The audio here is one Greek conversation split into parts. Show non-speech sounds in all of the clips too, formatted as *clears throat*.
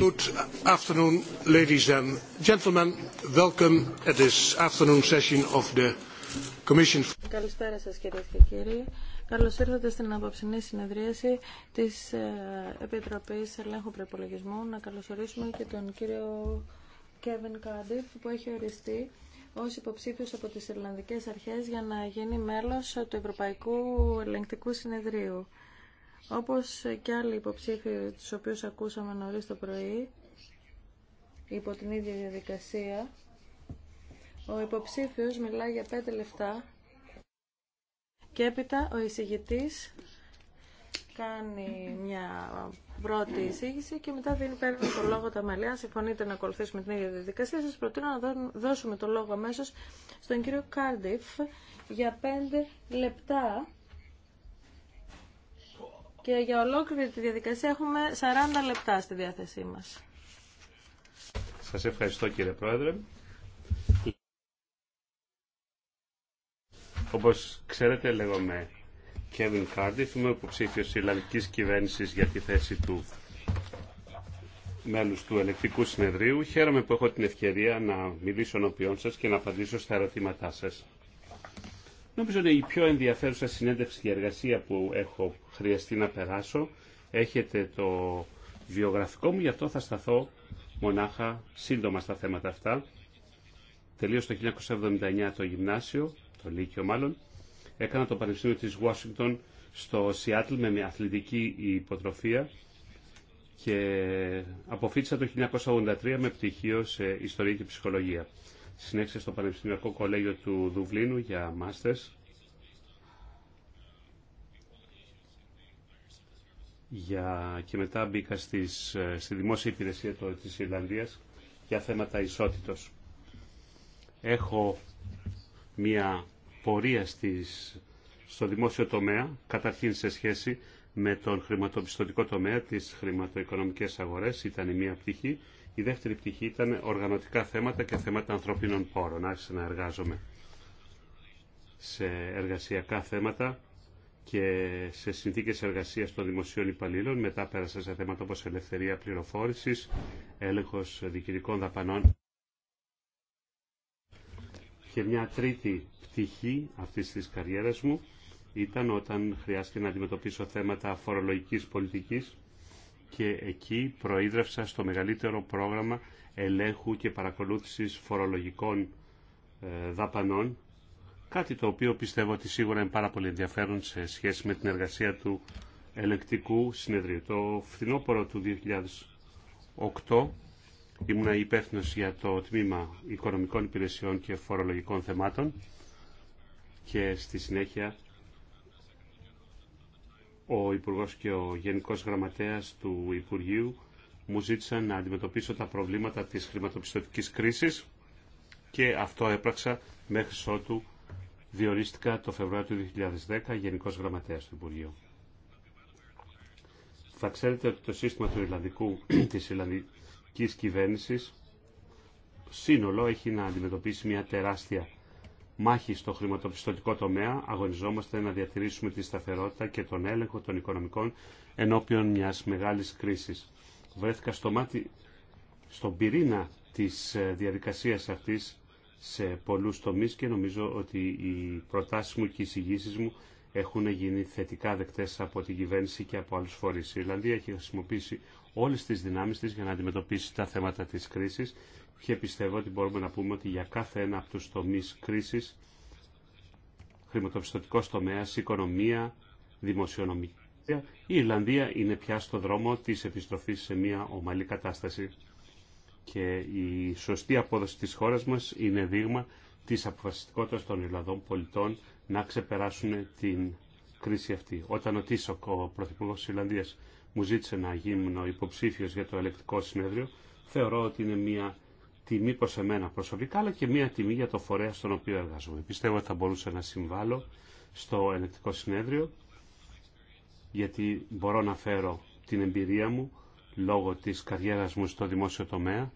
Καλησπέρα σας κυρίες και κύριοι. Καλώς ήρθατε στην απόψινή συνεδρίαση της ε, Επιτροπής Ελέγχου Προπολογισμού. Να καλωσορίσουμε και τον κύριο Κέβεν Κάντιφ που έχει οριστεί ως υποψήφιος από τις Ιρλανδικές Αρχές για να γίνει μέλος του Ευρωπαϊκού Ελεγκτικού Συνεδρίου. Όπως και άλλοι υποψήφοι τους οποίους ακούσαμε νωρίς το πρωί, υπό την ίδια διαδικασία, ο υποψήφιος μιλά για πέντε λεφτά και έπειτα ο εισηγητής κάνει μια πρώτη εισήγηση και μετά δίνει παίρνει το λόγο τα μαλλιά. Συμφωνείτε να ακολουθήσουμε την ίδια διαδικασία. Σας προτείνω να δώσουμε το λόγο αμέσως στον κύριο Κάρντιφ για πέντε λεπτά και για ολόκληρη τη διαδικασία έχουμε 40 λεπτά στη διάθεσή μας. Σας ευχαριστώ κύριε Πρόεδρε. Όπως ξέρετε λέγομαι Kevin Cardiff, είμαι υποψήφιος της Ιλλανδικής Κυβέρνησης για τη θέση του μέλους του Ελεκτικού Συνεδρίου. Χαίρομαι που έχω την ευκαιρία να μιλήσω ενώπιόν σας και να απαντήσω στα ερωτήματά σας. Νομίζω είναι η πιο ενδιαφέρουσα συνέντευξη και εργασία που έχω χρειαστεί να περάσω. Έχετε το βιογραφικό μου, γι' αυτό θα σταθώ μονάχα σύντομα στα θέματα αυτά. Τελείωσε το 1979 το γυμνάσιο, το Λύκειο μάλλον. Έκανα το Πανεπιστήμιο της Ουάσιγκτον στο Σιάτλ με μια αθλητική υποτροφία και αποφύτησα το 1983 με πτυχίο σε Ιστορία και Ψυχολογία συνέχισε στο Πανεπιστημιακό Κολέγιο του Δουβλίνου για μάστερς για... και μετά μπήκα στις, ε, στη δημόσια υπηρεσία της Ιρλανδίας για θέματα ισότητος. Έχω μία πορεία στις, στο δημόσιο τομέα, καταρχήν σε σχέση με τον χρηματοπιστωτικό τομέα, τις χρηματοοικονομικές αγορές, ήταν η μία πτυχή η δεύτερη πτυχή ήταν οργανωτικά θέματα και θέματα ανθρωπίνων πόρων. Άρχισα να εργάζομαι σε εργασιακά θέματα και σε συνθήκες εργασίας των δημοσίων υπαλλήλων. Μετά πέρασα σε θέματα όπως ελευθερία πληροφόρησης, έλεγχος διοικητικών δαπανών. Και μια τρίτη πτυχή αυτής της καριέρας μου ήταν όταν χρειάστηκε να αντιμετωπίσω θέματα φορολογικής πολιτικής και εκεί προείδρευσα στο μεγαλύτερο πρόγραμμα ελέγχου και παρακολούθησης φορολογικών ε, δαπανών, κάτι το οποίο πιστεύω ότι σίγουρα είναι πάρα πολύ ενδιαφέρον σε σχέση με την εργασία του ελεκτικού συνεδρίου. Το φθινόπωρο του 2008 ήμουν υπεύθυνο για το τμήμα οικονομικών υπηρεσιών και φορολογικών θεμάτων και στη συνέχεια ο Υπουργό και ο Γενικό Γραμματέα του Υπουργείου μου ζήτησαν να αντιμετωπίσω τα προβλήματα της χρηματοπιστωτικής κρίσης και αυτό έπραξα μέχρι ότου διορίστηκα το Φεβρουάριο του 2010 Γενικός Γραμματέας του Υπουργείου. Θα ξέρετε ότι το σύστημα του Ιρλανδικού, *clears throat* της Ιρλανδικής κυβέρνησης σύνολο έχει να αντιμετωπίσει μια τεράστια μάχη στο χρηματοπιστωτικό τομέα, αγωνιζόμαστε να διατηρήσουμε τη σταθερότητα και τον έλεγχο των οικονομικών ενώπιον μιας μεγάλης κρίσης. Βρέθηκα στο μάτι, στον πυρήνα της ε, διαδικασίας αυτής σε πολλούς τομείς και νομίζω ότι οι προτάσεις μου και οι εισηγήσεις μου έχουν γίνει θετικά δεκτές από την κυβέρνηση και από άλλους φορείς. Η Ιρλανδία έχει χρησιμοποιήσει όλες τις δυνάμεις της για να αντιμετωπίσει τα θέματα της κρίσης και πιστεύω ότι μπορούμε να πούμε ότι για κάθε ένα από τους τομείς κρίσης, χρηματοπιστωτικός τομέας, οικονομία, δημοσιονομία. η Ιρλανδία είναι πια στο δρόμο της επιστροφής σε μια ομαλή κατάσταση και η σωστή απόδοση της χώρας μας είναι δείγμα της αποφασιστικότητας των Ιρλανδών πολιτών να ξεπεράσουν την κρίση αυτή. Όταν ο Τίσοκ, ο Πρωθυπουργός της Ιρλανδίας, μου ζήτησε να γίνω υποψήφιος για το ελεκτικό συνέδριο, θεωρώ ότι είναι μια τιμή προς εμένα προσωπικά, αλλά και μία τιμή για το φορέα στον οποίο εργάζομαι. Πιστεύω ότι θα μπορούσα να συμβάλλω στο ελεκτικό συνέδριο, γιατί μπορώ να φέρω την εμπειρία μου λόγω της καριέρας μου στο δημόσιο τομέα,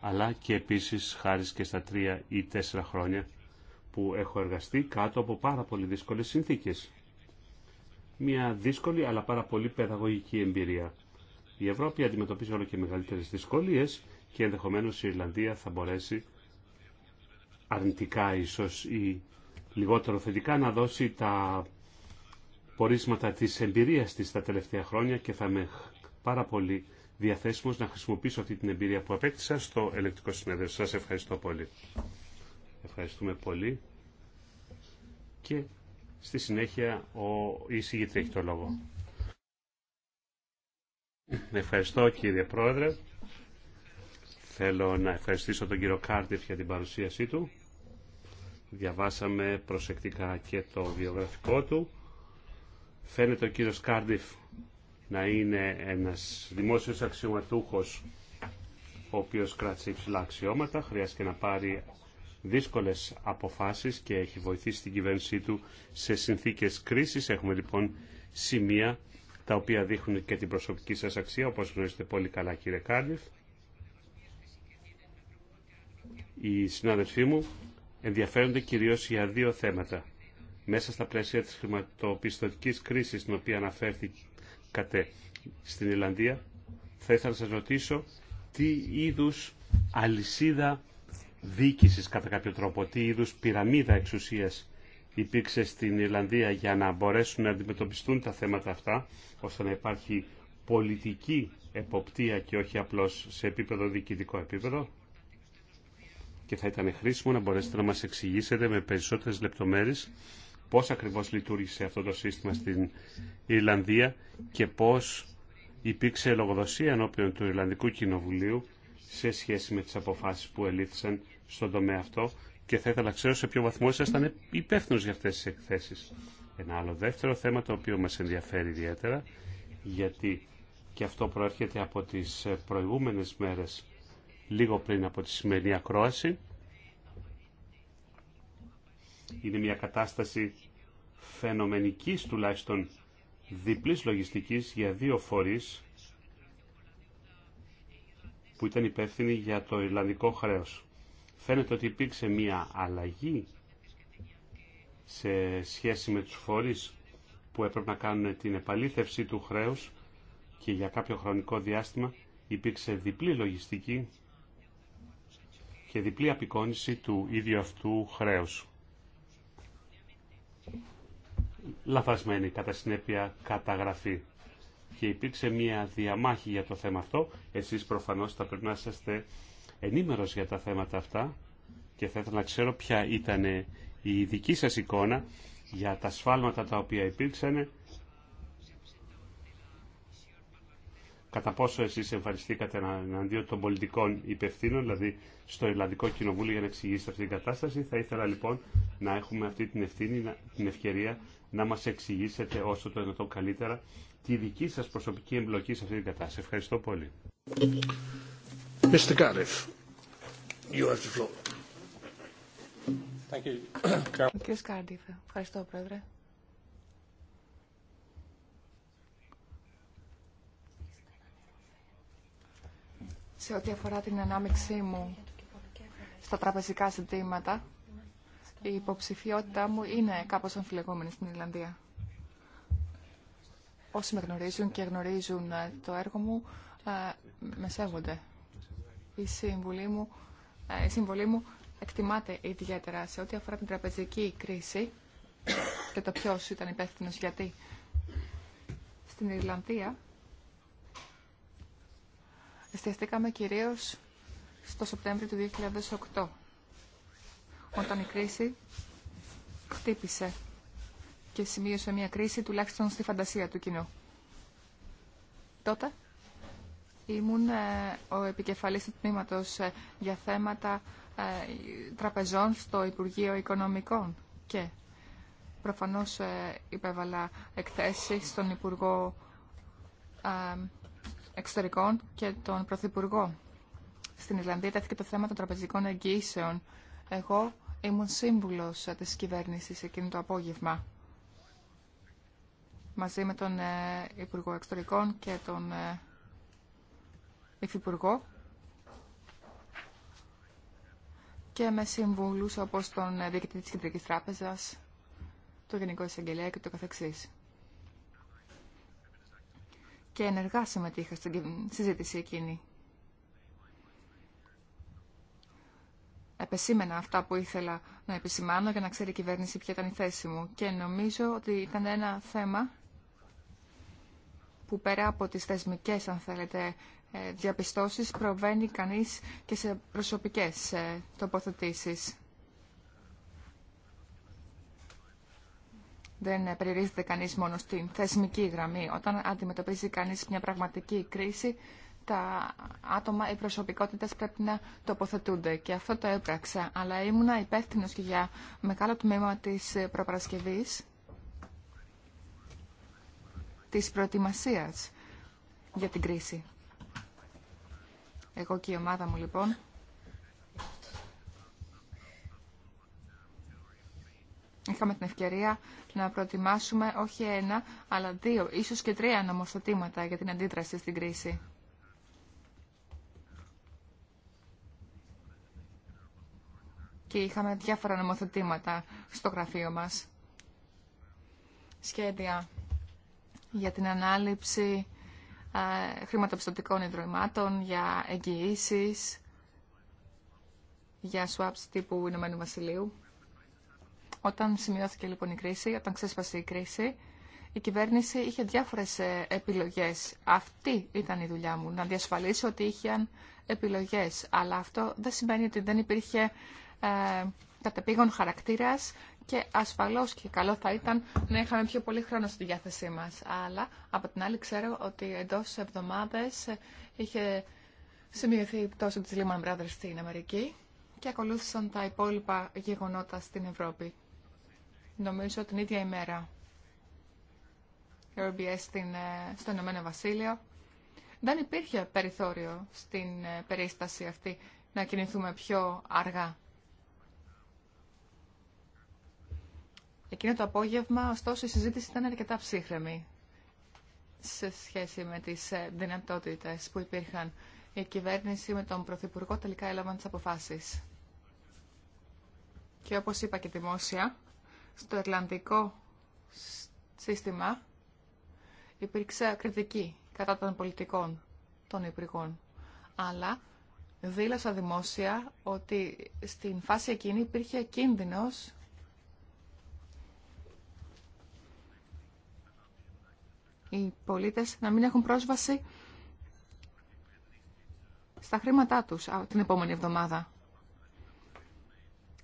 αλλά και επίσης χάρη και στα τρία ή τέσσερα χρόνια που έχω εργαστεί κάτω από πάρα πολύ δύσκολες συνθήκες. Μια δύσκολη αλλά πάρα πολύ παιδαγωγική εμπειρία. Η Ευρώπη πολυ δυσκολε συνθηκες μια δυσκολη αλλα παρα όλο και μεγαλύτερες δυσκολίες και ενδεχομένως η Ιρλανδία θα μπορέσει αρνητικά ίσως ή λιγότερο θετικά να δώσει τα πορίσματα της εμπειρίας της τα τελευταία χρόνια και θα είμαι πάρα πολύ διαθέσιμος να χρησιμοποιήσω αυτή την εμπειρία που απέκτησα στο ελεκτικό συνέδριο. Σας ευχαριστώ πολύ. Ευχαριστούμε πολύ. Και στη συνέχεια ο εισηγητή έχει το λόγο. Ευχαριστώ κύριε Πρόεδρε. Θέλω να ευχαριστήσω τον κύριο Κάρτιφ για την παρουσίασή του. Διαβάσαμε προσεκτικά και το βιογραφικό του. Φαίνεται ο κύριος Κάρντιφ να είναι ένας δημόσιος αξιωματούχος ο οποίος κράτησε υψηλά αξιώματα, χρειάστηκε να πάρει δύσκολες αποφάσεις και έχει βοηθήσει την κυβέρνησή του σε συνθήκες κρίσης. Έχουμε λοιπόν σημεία τα οποία δείχνουν και την προσωπική σας αξία, όπως γνωρίζετε πολύ καλά κύριε Κάρντιφ οι συνάδελφοί μου ενδιαφέρονται κυρίως για δύο θέματα. Μέσα στα πλαίσια της χρηματοπιστωτικής κρίσης την οποία αναφέρθηκατε στην Ιρλανδία, θα ήθελα να σας ρωτήσω τι είδους αλυσίδα διοίκηση, κατά κάποιο τρόπο, τι είδους πυραμίδα εξουσίας υπήρξε στην Ιρλανδία για να μπορέσουν να αντιμετωπιστούν τα θέματα αυτά, ώστε να υπάρχει πολιτική εποπτεία και όχι απλώς σε επίπεδο διοικητικό επίπεδο και θα ήταν χρήσιμο να μπορέσετε να μας εξηγήσετε με περισσότερες λεπτομέρειες πώς ακριβώς λειτουργήσε αυτό το σύστημα στην Ιρλανδία και πώς υπήρξε λογοδοσία ενώπιον του Ιρλανδικού Κοινοβουλίου σε σχέση με τις αποφάσεις που ελήφθησαν στον τομέα αυτό και θα ήθελα να ξέρω σε ποιο βαθμό ήσασταν υπεύθυνο για αυτές τις εκθέσεις. Ένα άλλο δεύτερο θέμα το οποίο μας ενδιαφέρει ιδιαίτερα γιατί και αυτό προέρχεται από τις προηγούμενες μέρες λίγο πριν από τη σημερινή ακρόαση. Είναι μια κατάσταση φαινομενικής τουλάχιστον διπλής λογιστικής για δύο φορείς που ήταν υπεύθυνοι για το Ιρλανδικό χρέος. Φαίνεται ότι υπήρξε μια αλλαγή σε σχέση με τους φορείς που έπρεπε να κάνουν την επαλήθευση του χρέους και για κάποιο χρονικό διάστημα υπήρξε διπλή λογιστική και διπλή απεικόνηση του ίδιου αυτού χρέους. Λαθασμένη κατά συνέπεια καταγραφή. Και υπήρξε μια διαμάχη για το θέμα αυτό. Εσείς προφανώς θα πρέπει να είσαστε ενήμερος για τα θέματα αυτά και θα ήθελα να ξέρω ποια ήταν η δική σας εικόνα για τα σφάλματα τα οποία υπήρξανε κατά πόσο εσείς εμφανιστήκατε εναντίον των πολιτικών υπευθύνων, δηλαδή στο Ιρλανδικό Κοινοβούλιο για να εξηγήσετε αυτή την κατάσταση. Θα ήθελα λοιπόν να έχουμε αυτή την ευθύνη, την ευκαιρία να μας εξηγήσετε όσο το δυνατόν καλύτερα τη δική σας προσωπική εμπλοκή σε αυτή την κατάσταση. Ευχαριστώ πολύ. Mr. Cardiff, you have the floor. Thank you. Κύριε ευχαριστώ πρόεδρε. σε ό,τι αφορά την ανάμειξή μου στα τραπεζικά ζητήματα, η υποψηφιότητά μου είναι κάπως αμφιλεγόμενη στην Ιρλανδία. Όσοι με γνωρίζουν και γνωρίζουν ε, το έργο μου, ε, με σέβονται. Η συμβολή μου, ε, η μου εκτιμάται ιδιαίτερα σε ό,τι αφορά την τραπεζική κρίση και το ποιος ήταν υπεύθυνος γιατί. Στην Ιρλανδία εστιαστήκαμε κυρίως στο Σεπτέμβριο του 2008, όταν η κρίση χτύπησε και σημείωσε μια κρίση τουλάχιστον στη φαντασία του κοινού. Τότε ήμουν ε, ο επικεφαλής του τμήματος ε, για θέματα ε, τραπεζών στο Υπουργείο Οικονομικών και προφανώς υπέβαλα εκθέσεις στον Υπουργό Εξωτερικών και τον Πρωθυπουργό. Στην Ιρλανδία τέθηκε το θέμα των τραπεζικών εγγύσεων. Εγώ ήμουν σύμβουλος της κυβέρνησης εκείνο το απόγευμα μαζί με τον ε, Υπουργό Εξωτερικών και τον ε, Υφυπουργό και με συμβούλους όπως τον ε, Διοικητή της Κεντρικής Τράπεζας, το Γενικό Εισαγγελέα και το καθεξής και ενεργά συμμετείχα στην συζήτηση εκείνη. Επεσήμενα αυτά που ήθελα να επισημάνω για να ξέρει η κυβέρνηση ποια ήταν η θέση μου. Και νομίζω ότι ήταν ένα θέμα που πέρα από τις θεσμικές, αν θέλετε, ε, διαπιστώσεις προβαίνει κανείς και σε προσωπικές ε, τοποθετήσεις. δεν περιορίζεται κανείς μόνο στην θεσμική γραμμή. Όταν αντιμετωπίζει κανείς μια πραγματική κρίση, τα άτομα, οι προσωπικότητες πρέπει να τοποθετούνται και αυτό το έπραξα. Αλλά ήμουνα υπεύθυνο και για μεγάλο τμήμα της προπαρασκευής, της προετοιμασίας για την κρίση. Εγώ και η ομάδα μου λοιπόν είχαμε την ευκαιρία να προετοιμάσουμε όχι ένα, αλλά δύο, ίσως και τρία νομοθετήματα για την αντίδραση στην κρίση. Και είχαμε διάφορα νομοθετήματα στο γραφείο μας. Σχέδια για την ανάληψη χρηματοπιστωτικών ιδρυμάτων, για εγγυήσεις, για swaps τύπου Ηνωμένου Βασιλείου. Όταν σημειώθηκε λοιπόν η κρίση, όταν ξέσπασε η κρίση, η κυβέρνηση είχε διάφορες ε, επιλογές. Αυτή ήταν η δουλειά μου, να διασφαλίσω ότι είχαν επιλογές. Αλλά αυτό δεν σημαίνει ότι δεν υπήρχε ε, κατεπήγον χαρακτήρας και ασφαλώς και καλό θα ήταν να είχαμε πιο πολύ χρόνο στη διάθεσή μας. Αλλά από την άλλη ξέρω ότι εντός εβδομάδες είχε σημειωθεί η πτώση της Lehman Brothers στην Αμερική και ακολούθησαν τα υπόλοιπα γεγονότα στην Ευρώπη. Νομίζω την ίδια ημέρα. RBS στην, ε, στο Ηνωμένο Βασίλειο. Δεν υπήρχε περιθώριο στην ε, περίσταση αυτή να κινηθούμε πιο αργά. Εκείνο το απόγευμα, ωστόσο, η συζήτηση ήταν αρκετά ψύχρεμη σε σχέση με τις ε, δυνατότητες που υπήρχαν. Η κυβέρνηση με τον Πρωθυπουργό τελικά έλαβαν τις αποφάσεις και όπως είπα και δημόσια, στο Ατλαντικό σύστημα υπήρξε κριτική κατά των πολιτικών των υπουργών. Αλλά δήλωσα δημόσια ότι στην φάση εκείνη υπήρχε κίνδυνος οι πολίτες να μην έχουν πρόσβαση στα χρήματά τους την επόμενη εβδομάδα.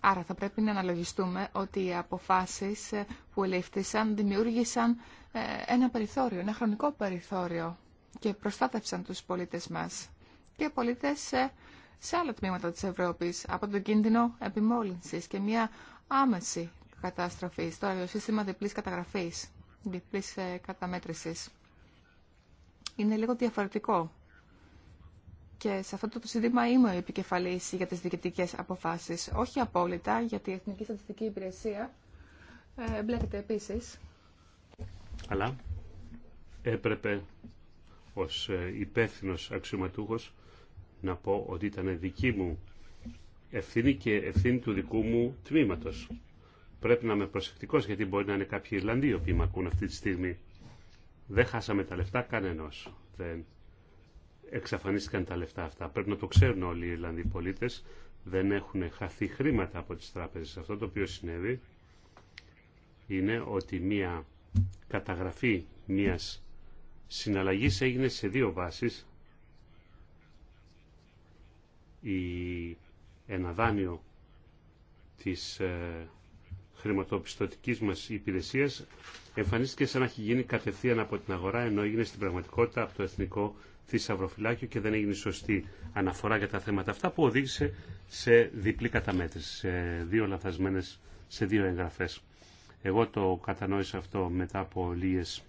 Άρα θα πρέπει να αναλογιστούμε ότι οι αποφάσεις ε, που ελήφθησαν δημιούργησαν ε, ένα περιθώριο, ένα χρονικό περιθώριο και προστάτευσαν τους πολίτες μας και πολίτες ε, σε άλλα τμήματα της Ευρώπης από τον κίνδυνο επιμόλυνσης και μια άμεση καταστροφή στο σύστημα διπλής καταγραφής, διπλής καταμέτρησης. Είναι λίγο διαφορετικό και σε αυτό το σύνδημα είμαι ο επικεφαλής για τις διοικητικές αποφάσεις. Όχι απόλυτα, γιατί η Εθνική Στατιστική Υπηρεσία ε, μπλέκεται επίσης. Αλλά έπρεπε ως ε, υπεύθυνο αξιωματούχος να πω ότι ήταν δική μου ευθύνη και ευθύνη του δικού μου τμήματος. Πρέπει να είμαι προσεκτικός γιατί μπορεί να είναι κάποιοι Ιρλανδοί οι οποίοι με ακούν αυτή τη στιγμή. Δεν χάσαμε τα λεφτά κανένας. Δεν εξαφανίστηκαν τα λεφτά αυτά. Πρέπει να το ξέρουν όλοι οι Ιρλανδοί πολίτε Δεν έχουν χαθεί χρήματα από τις τράπεζες. Αυτό το οποίο συνέβη είναι ότι μία καταγραφή μίας συναλλαγή έγινε σε δύο βάσεις. Η, ένα δάνειο της ε, χρηματοπιστωτικής μας υπηρεσίας εμφανίστηκε σαν να έχει γίνει κατευθείαν από την αγορά ενώ έγινε στην πραγματικότητα από το Εθνικό θησαυροφυλάκιο και δεν έγινε σωστή αναφορά για τα θέματα αυτά που οδήγησε σε διπλή καταμέτρηση, σε δύο λαθασμένες, σε δύο εγγραφές. Εγώ το κατανόησα αυτό μετά από λίγες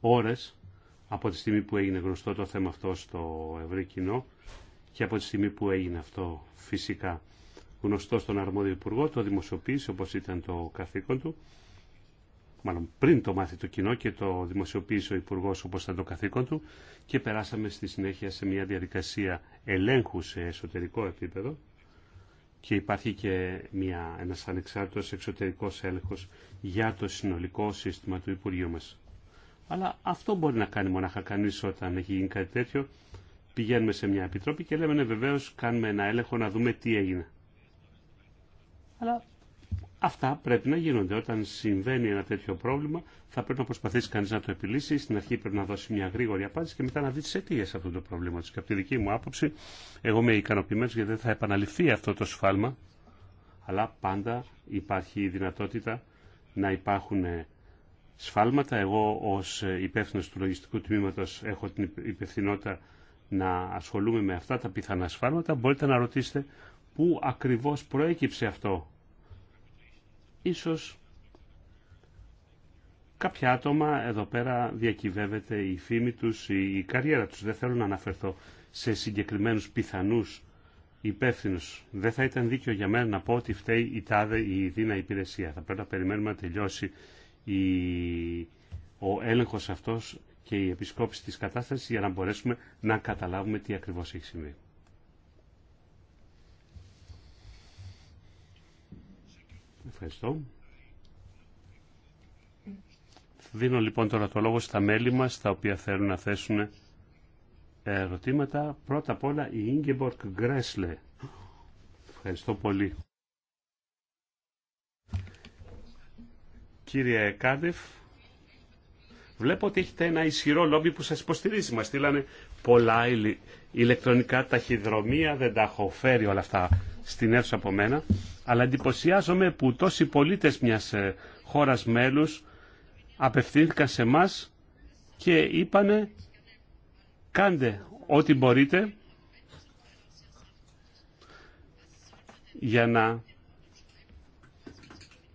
ώρες από τη στιγμή που έγινε γνωστό το θέμα αυτό στο ευρύ κοινό και από τη στιγμή που έγινε αυτό φυσικά γνωστό στον αρμόδιο υπουργό, το δημοσιοποίησε όπως ήταν το καθήκον του μάλλον πριν το μάθει το κοινό και το δημοσιοποίησε ο Υπουργό όπω ήταν το καθήκον του και περάσαμε στη συνέχεια σε μια διαδικασία ελέγχου σε εσωτερικό επίπεδο και υπάρχει και μια, ένας ανεξάρτητος εξωτερικός έλεγχος για το συνολικό σύστημα του Υπουργείου μας. Αλλά αυτό μπορεί να κάνει μονάχα κανεί όταν έχει γίνει κάτι τέτοιο. Πηγαίνουμε σε μια επιτροπή και λέμε ναι βεβαίως κάνουμε ένα έλεγχο να δούμε τι έγινε. Αλλά Αυτά πρέπει να γίνονται. Όταν συμβαίνει ένα τέτοιο πρόβλημα, θα πρέπει να προσπαθήσει κανεί να το επιλύσει. Στην αρχή πρέπει να δώσει μια γρήγορη απάντηση και μετά να δει τι αιτίε αυτού του προβλήματο. Και από τη δική μου άποψη, εγώ είμαι ικανοποιημένο γιατί δεν θα επαναληφθεί αυτό το σφάλμα. Αλλά πάντα υπάρχει η δυνατότητα να υπάρχουν σφάλματα. Εγώ ω υπεύθυνο του λογιστικού τμήματο έχω την υπευθυνότητα να ασχολούμαι με αυτά τα πιθανά σφάλματα. Μπορείτε να ρωτήσετε πού ακριβώ προέκυψε αυτό Ίσως κάποια άτομα εδώ πέρα διακυβεύεται η φήμη τους, η καριέρα τους. Δεν θέλω να αναφερθώ σε συγκεκριμένους πιθανούς υπεύθυνου. Δεν θα ήταν δίκιο για μένα να πω ότι φταίει η τάδε ή η δίνα υπηρεσία. Θα πρέπει να περιμένουμε να τελειώσει η... ο έλεγχος αυτός και η επισκόπηση της κατάστασης για να μπορέσουμε να καταλάβουμε τι ακριβώς έχει συμβεί. Ευχαριστώ. Δίνω λοιπόν τώρα το λόγο στα μέλη μας, τα οποία θέλουν να θέσουν ερωτήματα. Πρώτα απ' όλα η Ίγκεμπορκ Γκρέσλε. Ευχαριστώ πολύ. Κύριε Κάντεφ, βλέπω ότι έχετε ένα ισχυρό λόμπι που σας υποστηρίζει. Μας στείλανε πολλά ηλεκτρονικά ταχυδρομεία, δεν τα έχω φέρει όλα αυτά στην αίθουσα από μένα, αλλά εντυπωσιάζομαι που τόσοι πολίτες μιας ε, χώρας μέλους απευθύνθηκαν σε εμά και είπανε κάντε ό,τι μπορείτε για να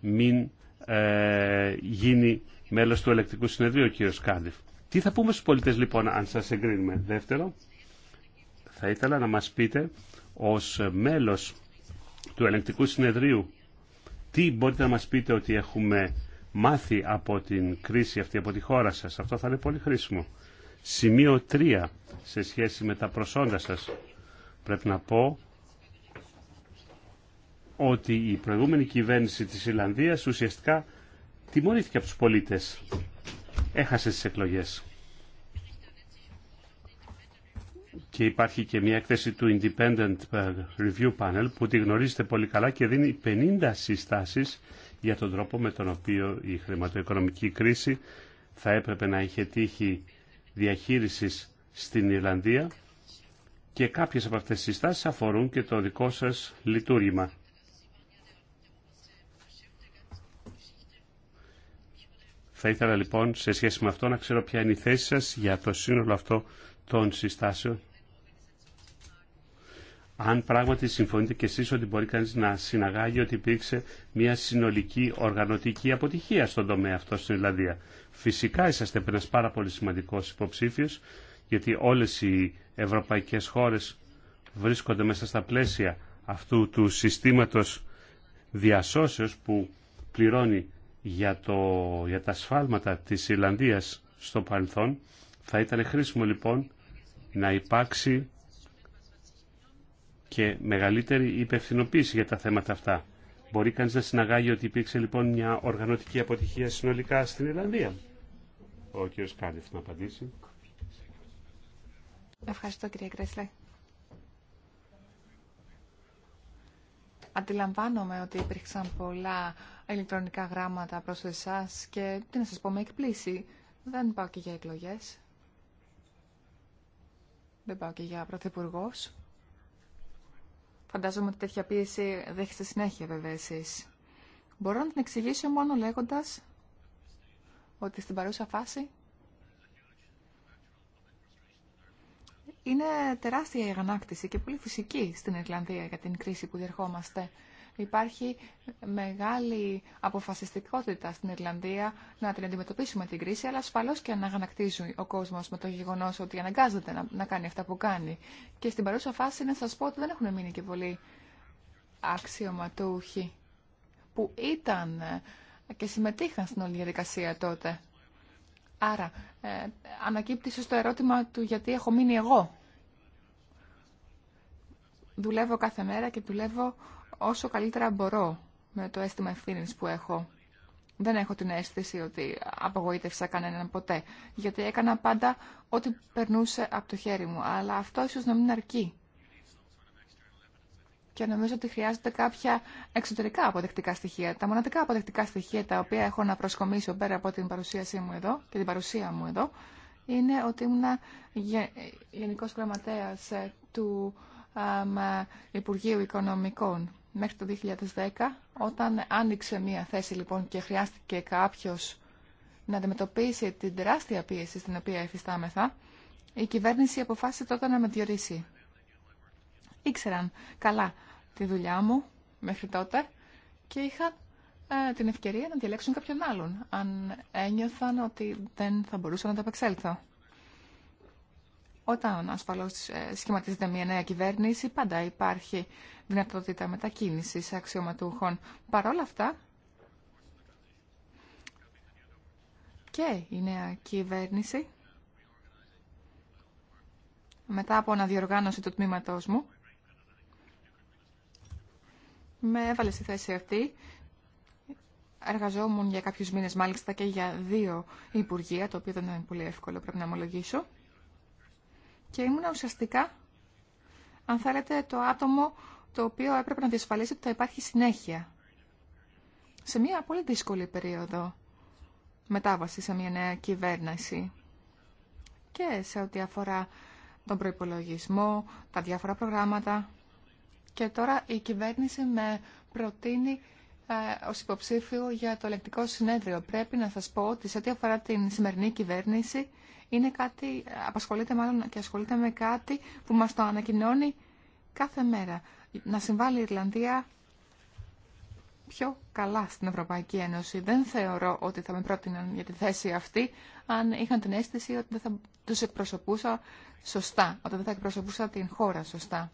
μην ε, γίνει μέλος του ελεκτικού συνεδρίου ο κύριος Κάντιφ. Τι θα πούμε στους πολίτες λοιπόν αν σας εγκρίνουμε. Δεύτερο, θα ήθελα να μας πείτε ως μέλος του ελεγκτικού συνεδρίου τι μπορείτε να μας πείτε ότι έχουμε μάθει από την κρίση αυτή, από τη χώρα σας. Αυτό θα είναι πολύ χρήσιμο. Σημείο 3 σε σχέση με τα προσόντα σας. Πρέπει να πω ότι η προηγούμενη κυβέρνηση της Ιλλανδίας ουσιαστικά τιμωρήθηκε από τους πολίτες έχασε τις εκλογές. Και υπάρχει και μια έκθεση του Independent ε, Review Panel που τη γνωρίζετε πολύ καλά και δίνει 50 συστάσεις για τον τρόπο με τον οποίο η χρηματοοικονομική κρίση θα έπρεπε να είχε τύχει διαχείρισης στην Ιρλανδία και κάποιες από αυτές τις συστάσεις αφορούν και το δικό σας λειτουργήμα. Θα ήθελα λοιπόν σε σχέση με αυτό να ξέρω ποια είναι η θέση σας για το σύνολο αυτό των συστάσεων. Αν πράγματι συμφωνείτε και εσείς ότι μπορεί κανείς να συναγάγει ότι υπήρξε μια συνολική οργανωτική αποτυχία στον τομέα αυτό στην Ιρλανδία. Φυσικά είσαστε ένα πάρα πολύ σημαντικός υποψήφιος γιατί όλες οι ευρωπαϊκές χώρες βρίσκονται μέσα στα πλαίσια αυτού του συστήματος διασώσεως που πληρώνει για, το, για τα σφάλματα της Ιρλανδίας στο παρελθόν. Θα ήταν χρήσιμο λοιπόν να υπάρξει και μεγαλύτερη υπευθυνοποίηση για τα θέματα αυτά. Μπορεί κανείς να συναγάγει ότι υπήρξε λοιπόν μια οργανωτική αποτυχία συνολικά στην Ιρλανδία. Ο κ. Κάντεφ να απαντήσει. Ευχαριστώ κύριε Κρέσλε. Αντιλαμβάνομαι ότι υπήρξαν πολλά ηλεκτρονικά γράμματα προς εσάς και τι να σας πω με εκπλήσει. Δεν πάω και για εκλογές. Δεν πάω και για πρωθυπουργό. Φαντάζομαι ότι τέτοια πίεση δέχεστε συνέχεια βέβαια εσείς. Μπορώ να την εξηγήσω μόνο λέγοντας ότι στην παρούσα φάση είναι τεράστια η αγανάκτηση και πολύ φυσική στην Ιρλανδία για την κρίση που διερχόμαστε. Υπάρχει μεγάλη αποφασιστικότητα στην Ιρλανδία να την αντιμετωπίσουμε την κρίση, αλλά ασφαλώς και να ανακτήσουν ο κόσμος με το γεγονός ότι αναγκάζεται να, να κάνει αυτά που κάνει. Και στην παρούσα φάση να σας πω ότι δεν έχουν μείνει και πολλοί αξιωματούχοι που ήταν ε, και συμμετείχαν στην όλη διαδικασία τότε. Άρα, ε, ανακύπτει ερώτημα του γιατί έχω μείνει εγώ. Δουλεύω κάθε μέρα και δουλεύω όσο καλύτερα μπορώ με το αίσθημα ευθύνη που έχω. Δεν έχω την αίσθηση ότι απογοήτευσα κανέναν ποτέ, γιατί έκανα πάντα ό,τι περνούσε από το χέρι μου. Αλλά αυτό ίσως να μην αρκεί. Και νομίζω ότι χρειάζονται κάποια εξωτερικά αποδεκτικά στοιχεία. Τα μοναδικά αποδεκτικά στοιχεία τα οποία έχω να προσκομίσω πέρα από την παρουσίασή μου εδώ και την παρουσία μου εδώ είναι ότι ήμουν γενικός γραμματέας ε, του ε, Υπουργείου Οικονομικών μέχρι το 2010. Όταν άνοιξε μία θέση λοιπόν και χρειάστηκε κάποιος να αντιμετωπίσει την τεράστια πίεση στην οποία εφιστάμεθα, η κυβέρνηση αποφάσισε τότε να με διορίσει. Ήξεραν καλά τη δουλειά μου μέχρι τότε και είχαν ε, την ευκαιρία να διαλέξουν κάποιον άλλον, αν ένιωθαν ότι δεν θα μπορούσα να τα απεξέλθω. Όταν ασφαλώς ε, σχηματίζεται μια νέα κυβέρνηση, πάντα υπάρχει δυνατότητα μετακίνηση αξιωματούχων. Παρ' όλα αυτά, και η νέα κυβέρνηση, μετά από αναδιοργάνωση του τμήματό μου, με έβαλε στη θέση αυτή. Εργαζόμουν για κάποιους μήνες μάλιστα και για δύο υπουργεία, το οποίο δεν είναι πολύ εύκολο, πρέπει να ομολογήσω και ήμουν ουσιαστικά, αν θέλετε, το άτομο το οποίο έπρεπε να διασφαλίσει ότι θα υπάρχει συνέχεια. Σε μια πολύ δύσκολη περίοδο μετάβαση σε μια νέα κυβέρνηση και σε ό,τι αφορά τον προϋπολογισμό, τα διάφορα προγράμματα. Και τώρα η κυβέρνηση με προτείνει ε, ως υποψήφιο για το ελεκτικό συνέδριο. Πρέπει να σας πω ότι σε ό,τι αφορά την σημερινή κυβέρνηση είναι κάτι, απασχολείται μάλλον και ασχολείται με κάτι που μας το ανακοινώνει κάθε μέρα. Να συμβάλλει η Ιρλανδία πιο καλά στην Ευρωπαϊκή Ένωση. Δεν θεωρώ ότι θα με πρότειναν για τη θέση αυτή αν είχαν την αίσθηση ότι δεν θα τους εκπροσωπούσα σωστά, ότι δεν θα εκπροσωπούσα την χώρα σωστά.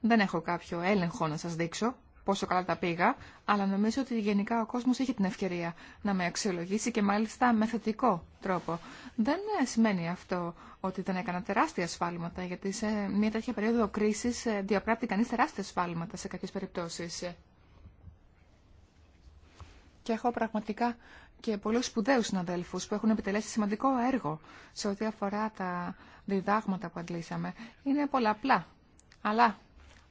Δεν έχω κάποιο έλεγχο να σας δείξω πόσο καλά τα πήγα, αλλά νομίζω ότι γενικά ο κόσμο έχει την ευκαιρία να με αξιολογήσει και μάλιστα με θετικό τρόπο. Δεν σημαίνει αυτό ότι δεν έκανα τεράστια ασφάλματα, γιατί σε μια τέτοια περίοδο κρίση ε, διαπράττει κανεί τεράστια ασφάλματα σε κάποιε περιπτώσει. Και έχω πραγματικά και πολλού σπουδαίους συναδέλφου που έχουν επιτελέσει σημαντικό έργο σε ό,τι αφορά τα διδάγματα που αντλήσαμε. Είναι πολλαπλά. Αλλά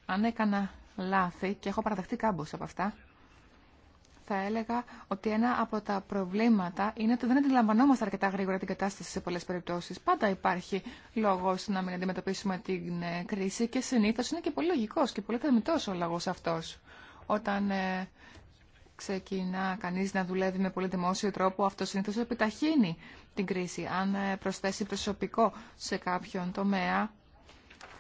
αν έκανα λάθη και έχω παραδεχτεί κάμπος από αυτά. Θα έλεγα ότι ένα από τα προβλήματα είναι ότι δεν αντιλαμβανόμαστε αρκετά γρήγορα την κατάσταση σε πολλές περιπτώσεις. Πάντα υπάρχει λόγος να μην αντιμετωπίσουμε την ε, κρίση και συνήθως είναι και πολύ λογικός και πολύ θεμητός ο λόγος αυτός. Όταν ε, ξεκινά κανείς να δουλεύει με πολύ δημόσιο τρόπο, αυτό συνήθως επιταχύνει την κρίση. Αν ε, προσθέσει προσωπικό σε κάποιον τομέα,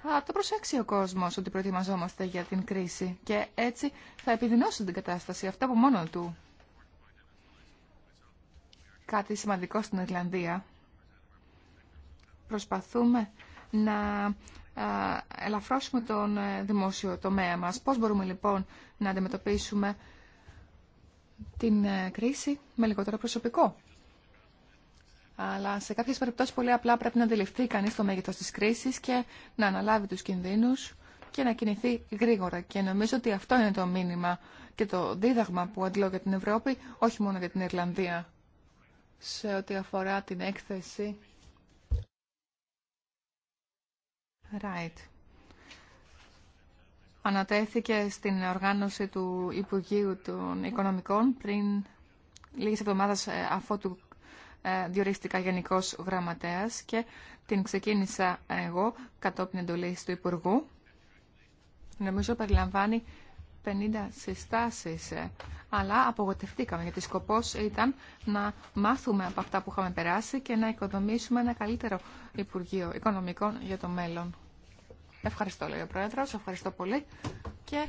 θα το προσέξει ο κόσμο ότι προετοιμαζόμαστε για την κρίση και έτσι θα επιδεινώσει την κατάσταση αυτά από μόνο του. Κάτι σημαντικό στην Ιρλανδία. Προσπαθούμε να ελαφρώσουμε τον ε, δημόσιο τομέα μας. Πώς μπορούμε λοιπόν να αντιμετωπίσουμε την ε, κρίση με λιγότερο προσωπικό αλλά σε κάποιε περιπτώσει πολύ απλά πρέπει να αντιληφθεί κανεί το μέγεθο τη κρίση και να αναλάβει τους κινδύνους και να κινηθεί γρήγορα. Και νομίζω ότι αυτό είναι το μήνυμα και το δίδαγμα που αντλώ για την Ευρώπη, όχι μόνο για την Ιρλανδία, σε ό,τι αφορά την έκθεση. Right. Ανατέθηκε στην οργάνωση του Υπουργείου των Οικονομικών πριν λίγες εβδομάδες ε, αφότου ε, διορίστηκα Γενικός Γραμματέας και την ξεκίνησα εγώ κατόπιν εντολής του Υπουργού. Νομίζω περιλαμβάνει 50 συστάσεις, ε, αλλά απογοτευτήκαμε. γιατί σκοπός ήταν να μάθουμε από αυτά που είχαμε περάσει και να οικοδομήσουμε ένα καλύτερο Υπουργείο Οικονομικών για το μέλλον. Ευχαριστώ, λέει ο Πρόεδρος, ευχαριστώ πολύ και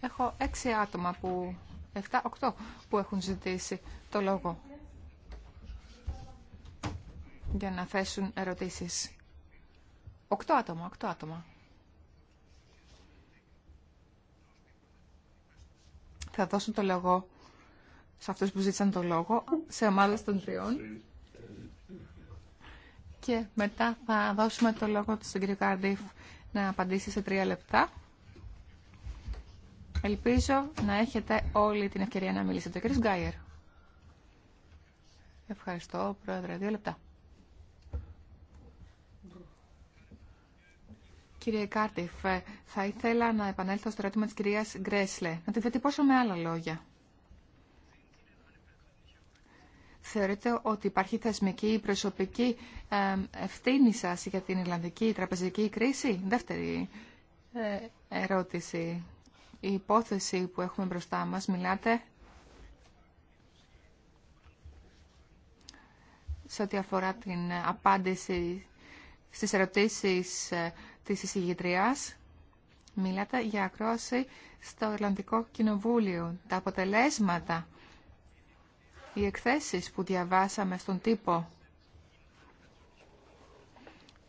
έχω έξι άτομα που 7-8 που έχουν ζητήσει το λόγο για να θέσουν ερωτήσεις. Οκτώ άτομα, οκτώ άτομα. Θα δώσω το λόγο σε αυτούς που ζήτησαν το λόγο, σε ομάδες των τριών. Και μετά θα δώσουμε το λόγο στον κύριο Κάρντιφ να απαντήσει σε τρία λεπτά. Ελπίζω να έχετε όλη την ευκαιρία να μιλήσετε. Κύριε Γκάιερ. Ευχαριστώ, Πρόεδρε. Δύο λεπτά. Κύριε Κάρτιφ, ε, θα ήθελα να επανέλθω στο ερώτημα της κυρίας Γκρέσλε. Να τη διατυπώσω με άλλα λόγια. Θεωρείτε ότι υπάρχει θεσμική προσωπική ε, ευθύνη σας για την Ιρλανδική τραπεζική κρίση. Δεύτερη ε, ερώτηση. Η υπόθεση που έχουμε μπροστά μας, μιλάτε σε ό,τι αφορά την απάντηση στις ερωτήσεις της εισηγητριάς. Μιλάτε για ακρόαση στο Ιρλανδικό Κοινοβούλιο. Τα αποτελέσματα, οι εκθέσεις που διαβάσαμε στον τύπο,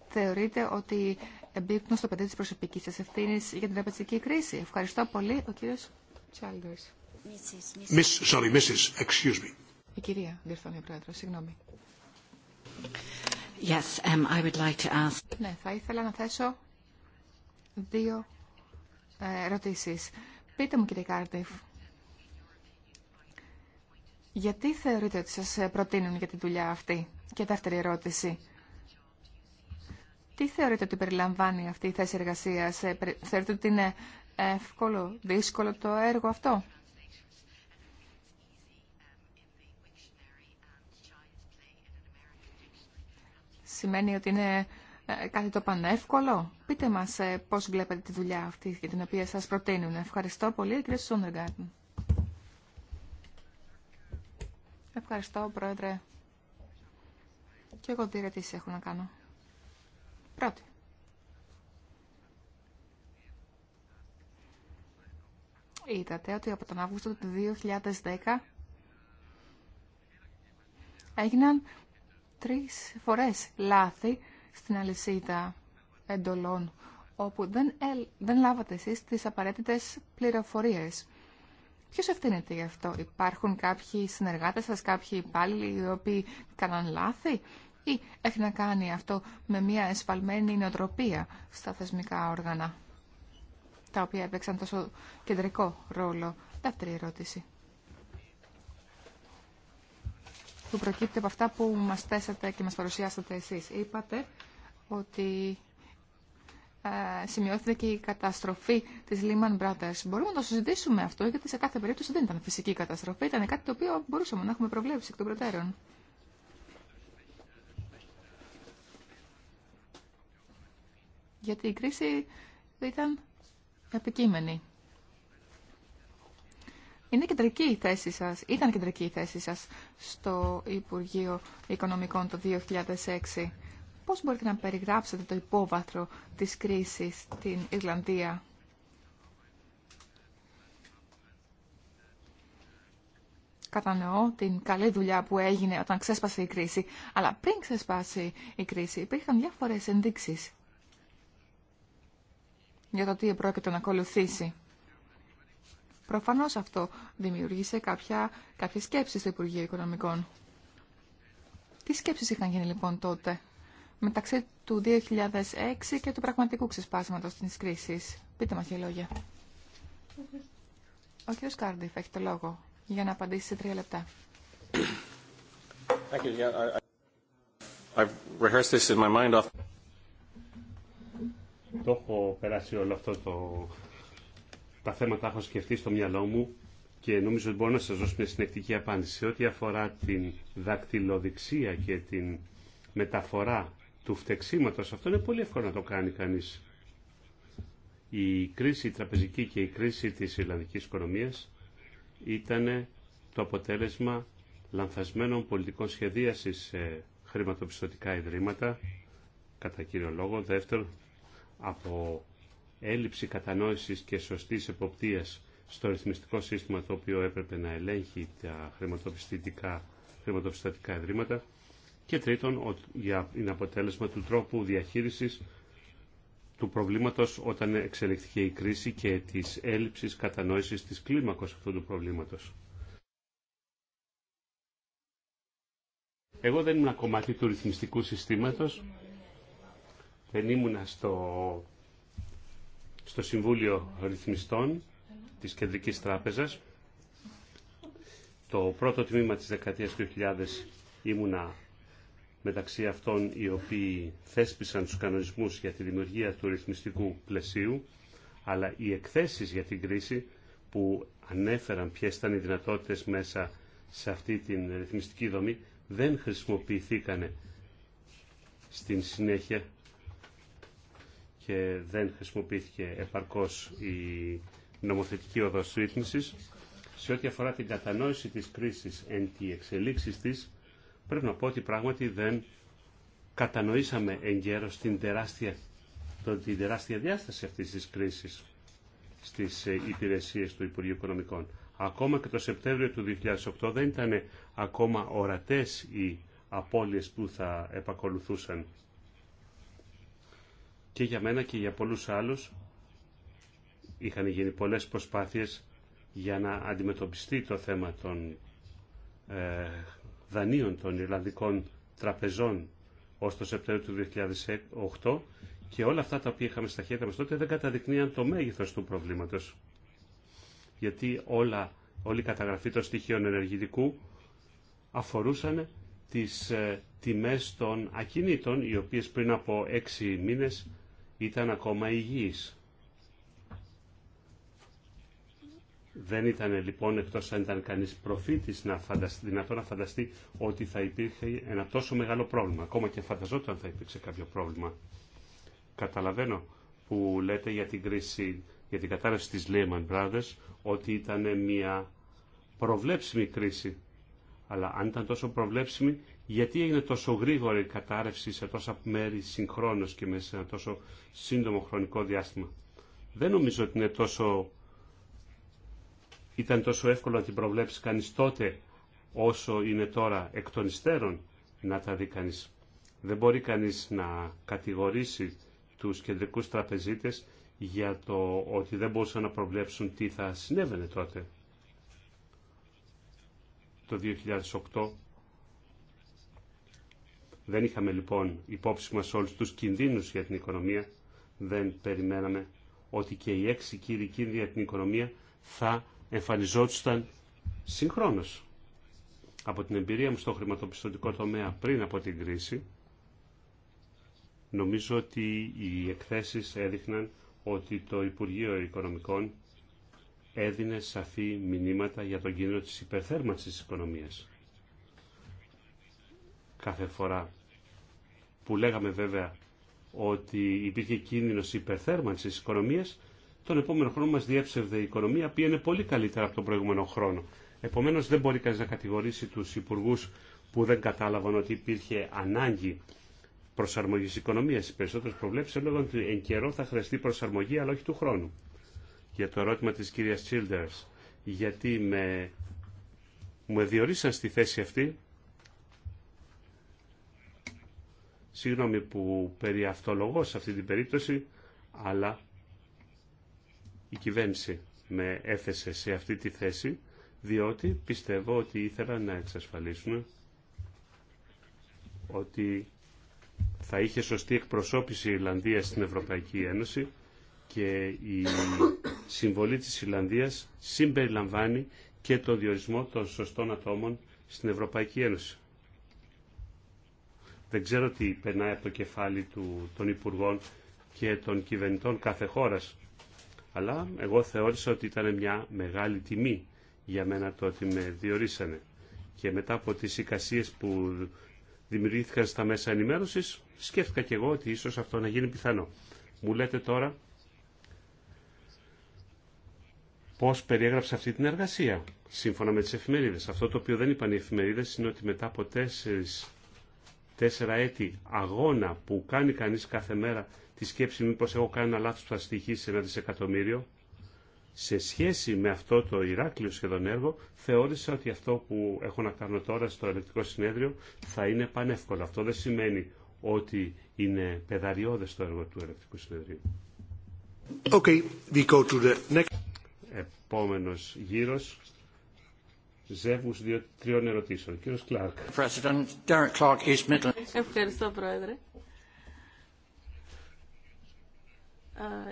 θεωρείτε ότι εμπίπτουν στο πεδίο της προσωπικής σας ευθύνης για την τραπεζική κρίση. Ευχαριστώ πολύ, ο κύριος Τσάλντερς. Η κυρία, διορθώνει ο πρόεδρος, συγγνώμη. Yes, um, I would like to ask... Ναι, θα ήθελα να θέσω δύο ε, ερωτήσεις. Πείτε μου, κύριε Κάρτιφ, γιατί θεωρείτε ότι σας ε, προτείνουν για τη δουλειά αυτή. Και δεύτερη ερώτηση. Τι θεωρείτε ότι περιλαμβάνει αυτή η θέση εργασίας. Ε, θεωρείτε ότι είναι εύκολο, δύσκολο το έργο αυτό. Σημαίνει ότι είναι ε, κάτι το πανεύκολο. Πείτε μας ε, πώς βλέπετε τη δουλειά αυτή για την οποία σα προτείνουν. Ευχαριστώ πολύ, κύριε Σούντεργκάρντ. Ευχαριστώ, Πρόεδρε. Και εγώ τι ρετήσει έχω να κάνω. Πρώτη. Είδατε ότι από τον Αύγουστο του 2010 έγιναν τρεις φορές λάθη στην αλυσίδα εντολών, όπου δεν, έ δεν λάβατε εσείς τις απαραίτητες πληροφορίες. Ποιος ευθύνεται γι' αυτό. Υπάρχουν κάποιοι συνεργάτες σας, κάποιοι υπάλληλοι οι οποίοι κάναν λάθη ή έχει να κάνει αυτό με μια εσφαλμένη νοοτροπία στα θεσμικά όργανα, τα οποία έπαιξαν τόσο κεντρικό ρόλο. Δεύτερη ερώτηση. Που προκύπτει από αυτά που μας θέσατε και μας παρουσιάσατε εσείς. Είπατε ότι ε, σημειώθηκε η καταστροφή της Lehman Brothers. Μπορούμε να το συζητήσουμε αυτό, γιατί σε κάθε περίπτωση δεν ήταν φυσική καταστροφή, ήταν κάτι το οποίο μπορούσαμε να έχουμε προβλέψει εκ των προτέρων. Γιατί η κρίση ήταν επικείμενη. Είναι κεντρική η θέση σας, ήταν κεντρική η θέση σας στο Υπουργείο Οικονομικών το 2006 Πώς μπορείτε να περιγράψετε το υπόβαθρο της κρίσης στην Ιρλανδία. Κατανοώ την καλή δουλειά που έγινε όταν ξέσπασε η κρίση, αλλά πριν ξεσπάσει η κρίση υπήρχαν διάφορες ενδείξεις για το τι πρόκειται να ακολουθήσει. Προφανώς αυτό δημιουργήσε κάποια, κάποια σκέψη στο Υπουργείο Οικονομικών. Τι σκέψεις είχαν γίνει λοιπόν τότε μεταξύ του 2006 και του πραγματικού ξεσπάσματος της κρίσης. Πείτε μας δύο λόγια. Ο κ. Κάρντιφ έχει το λόγο για να απαντήσει σε τρία λεπτά. Το έχω περάσει όλο αυτό το... Τα θέματα έχω σκεφτεί στο μυαλό μου και νομίζω ότι μπορώ να σας δώσω μια συνεκτική απάντηση. Ό,τι αφορά την δακτυλοδειξία και την μεταφορά του φτεξίματος. Αυτό είναι πολύ εύκολο να το κάνει κανείς. Η κρίση τραπεζική και η κρίση της ελληνικής οικονομίας ήταν το αποτέλεσμα λανθασμένων πολιτικών σχεδίασης σε χρηματοπιστωτικά ιδρύματα, κατά κύριο λόγο. Δεύτερον, από έλλειψη κατανόησης και σωστής εποπτείας στο ρυθμιστικό σύστημα το οποίο έπρεπε να ελέγχει τα χρηματοπιστωτικά ιδρύματα και τρίτον για είναι αποτέλεσμα του τρόπου διαχείρισης του προβλήματος όταν εξελιχθήκε η κρίση και της έλλειψης κατανόησης της κλίμακος αυτού του προβλήματος. Εγώ δεν ήμουν κομμάτι του ρυθμιστικού συστήματος, δεν ήμουνα στο, στο Συμβούλιο Ρυθμιστών της Κεντρικής Τράπεζας. Το πρώτο τμήμα της δεκαετίας 2000 ήμουνα μεταξύ αυτών οι οποίοι θέσπισαν τους κανονισμούς για τη δημιουργία του ρυθμιστικού πλαισίου, αλλά οι εκθέσεις για την κρίση που ανέφεραν ποιες ήταν οι δυνατότητες μέσα σε αυτή την ρυθμιστική δομή δεν χρησιμοποιηθήκανε στην συνέχεια και δεν χρησιμοποιήθηκε επαρκώς η νομοθετική οδός ρύθμισης. Σε ό,τι αφορά την κατανόηση της κρίσης εν τη της, πρέπει να πω ότι πράγματι δεν κατανοήσαμε εν την τεράστια, την τεράστια διάσταση αυτής της κρίσης στις ε, υπηρεσίες του Υπουργείου Οικονομικών. Ακόμα και το Σεπτέμβριο του 2008 δεν ήταν ακόμα ορατές οι απώλειες που θα επακολουθούσαν. Και για μένα και για πολλούς άλλους είχαν γίνει πολλές προσπάθειες για να αντιμετωπιστεί το θέμα των ε, δανείων των Ιρλανδικών τραπεζών ω το Σεπτέμβριο του 2008 και όλα αυτά τα οποία είχαμε στα χέρια μα τότε δεν καταδεικνύαν το μέγεθο του προβλήματο. Γιατί όλα, όλη η καταγραφή των στοιχείων ενεργητικού αφορούσαν τι ε, τιμές των ακινήτων, οι οποίε πριν από έξι μήνε ήταν ακόμα υγιείς. Δεν ήταν λοιπόν εκτός αν ήταν κανείς προφήτης να φανταστεί, να φανταστεί ότι θα υπήρχε ένα τόσο μεγάλο πρόβλημα. Ακόμα και φανταζόταν θα υπήρξε κάποιο πρόβλημα. Καταλαβαίνω που λέτε για την κρίση, για την κατάρρευση της Lehman Brothers, ότι ήταν μια προβλέψιμη κρίση. Αλλά αν ήταν τόσο προβλέψιμη, γιατί έγινε τόσο γρήγορη η κατάρρευση σε τόσα μέρη συγχρόνως και μέσα σε ένα τόσο σύντομο χρονικό διάστημα. Δεν νομίζω ότι είναι τόσο ήταν τόσο εύκολο να την προβλέψει κανείς τότε όσο είναι τώρα εκ των υστέρων να τα δει κανείς. Δεν μπορεί κανείς να κατηγορήσει τους κεντρικούς τραπεζίτες για το ότι δεν μπορούσαν να προβλέψουν τι θα συνέβαινε τότε. Το 2008 δεν είχαμε λοιπόν υπόψη μας όλους τους κινδύνους για την οικονομία. Δεν περιμέναμε ότι και οι έξι κύριοι κίνδυνοι για την οικονομία θα εμφανιζόντουσαν συγχρόνω Από την εμπειρία μου στο χρηματοπιστωτικό τομέα πριν από την κρίση, νομίζω ότι οι εκθέσεις έδειχναν ότι το Υπουργείο Οικονομικών έδινε σαφή μηνύματα για τον κίνδυνο της υπερθέρμανσης της οικονομίας. Κάθε φορά που λέγαμε βέβαια ότι υπήρχε κίνδυνος υπερθέρμανσης της οικονομίας, τον επόμενο χρόνο μας διέψευδε η οικονομία, που είναι πολύ καλύτερα από τον προηγούμενο χρόνο. Επομένως δεν μπορεί κανείς να κατηγορήσει τους υπουργού που δεν κατάλαβαν ότι υπήρχε ανάγκη προσαρμογής οικονομίας. Οι περισσότερες προβλέψεις έλεγαν ότι εν καιρό θα χρειαστεί προσαρμογή, αλλά όχι του χρόνου. Για το ερώτημα της κυρίας Childers, γιατί με, με διορίσαν στη θέση αυτή, συγγνώμη που περί αυτολογώ σε αυτή την περίπτωση, αλλά η κυβέρνηση με έθεσε σε αυτή τη θέση, διότι πιστεύω ότι ήθελα να εξασφαλίσουμε ότι θα είχε σωστή εκπροσώπηση η Ιρλανδία στην Ευρωπαϊκή Ένωση και η συμβολή της Ιρλανδίας συμπεριλαμβάνει και το διορισμό των σωστών ατόμων στην Ευρωπαϊκή Ένωση. Δεν ξέρω τι περνάει από το κεφάλι του, των Υπουργών και των κυβερνητών κάθε χώρας αλλά εγώ θεώρησα ότι ήταν μια μεγάλη τιμή για μένα το ότι με διορίσανε. Και μετά από τις εικασίες που δημιουργήθηκαν στα μέσα ενημέρωσης, σκέφτηκα και εγώ ότι ίσως αυτό να γίνει πιθανό. Μου λέτε τώρα πώς περιέγραψα αυτή την εργασία, σύμφωνα με τις εφημερίδες. Αυτό το οποίο δεν είπαν οι εφημερίδες είναι ότι μετά από τέσσερις, τέσσερα έτη αγώνα που κάνει κανείς κάθε μέρα τη σκέψη μήπω έχω κάνει ένα λάθος που θα στοιχήσει σε ένα δισεκατομμύριο. Σε σχέση με αυτό το Ηράκλειο σχεδόν έργο, θεώρησα ότι αυτό που έχω να κάνω τώρα στο ελεκτικό συνέδριο θα είναι πανεύκολο. Αυτό δεν σημαίνει ότι είναι πεδαριώδε το έργο του ελεκτικού συνέδριου. Okay, we go to the next. Επόμενος γύρος, ζεύγους δύο, τριών ερωτήσεων. Κύριος Κλάρκ. Ευχαριστώ, Πρόεδρε.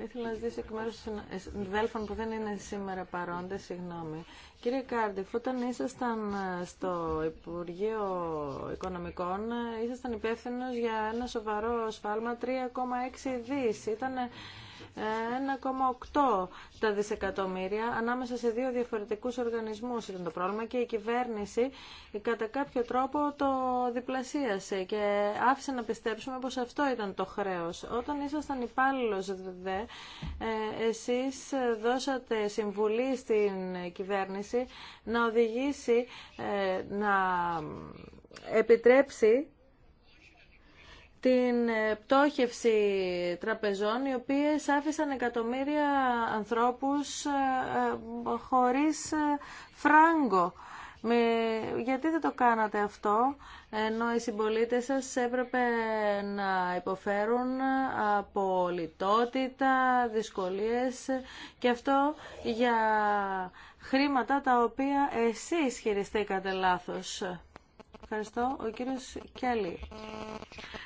ήθελα να ζητήσω εκ μέρου συνδέλφων που δεν είναι σήμερα παρόντε, συγγνώμη. Κύριε Κάρντιφ, όταν ήσασταν στο Υπουργείο Οικονομικών, ήσασταν υπεύθυνο για ένα σοβαρό σφάλμα 3,6 δι. Ήταν 1,8 τα δισεκατομμύρια ανάμεσα σε δύο διαφορετικούς οργανισμούς ήταν το πρόβλημα και η κυβέρνηση κατά κάποιο τρόπο το διπλασίασε και άφησε να πιστέψουμε πως αυτό ήταν το χρέος. Όταν ήσασταν υπάλληλο δε, ε, εσείς δώσατε συμβουλή στην κυβέρνηση να οδηγήσει, ε, να επιτρέψει την ε, πτώχευση τραπεζών οι οποίες άφησαν εκατομμύρια ανθρώπους ε, ε, χωρίς φράγκο. Με... Γιατί δεν το κάνατε αυτό, ενώ οι συμπολίτες σας έπρεπε να υποφέρουν από λιτότητα, δυσκολίες και αυτό για χρήματα τα οποία εσείς χειριστήκατε λάθος. Ευχαριστώ. Ο κύριος Κέλλη.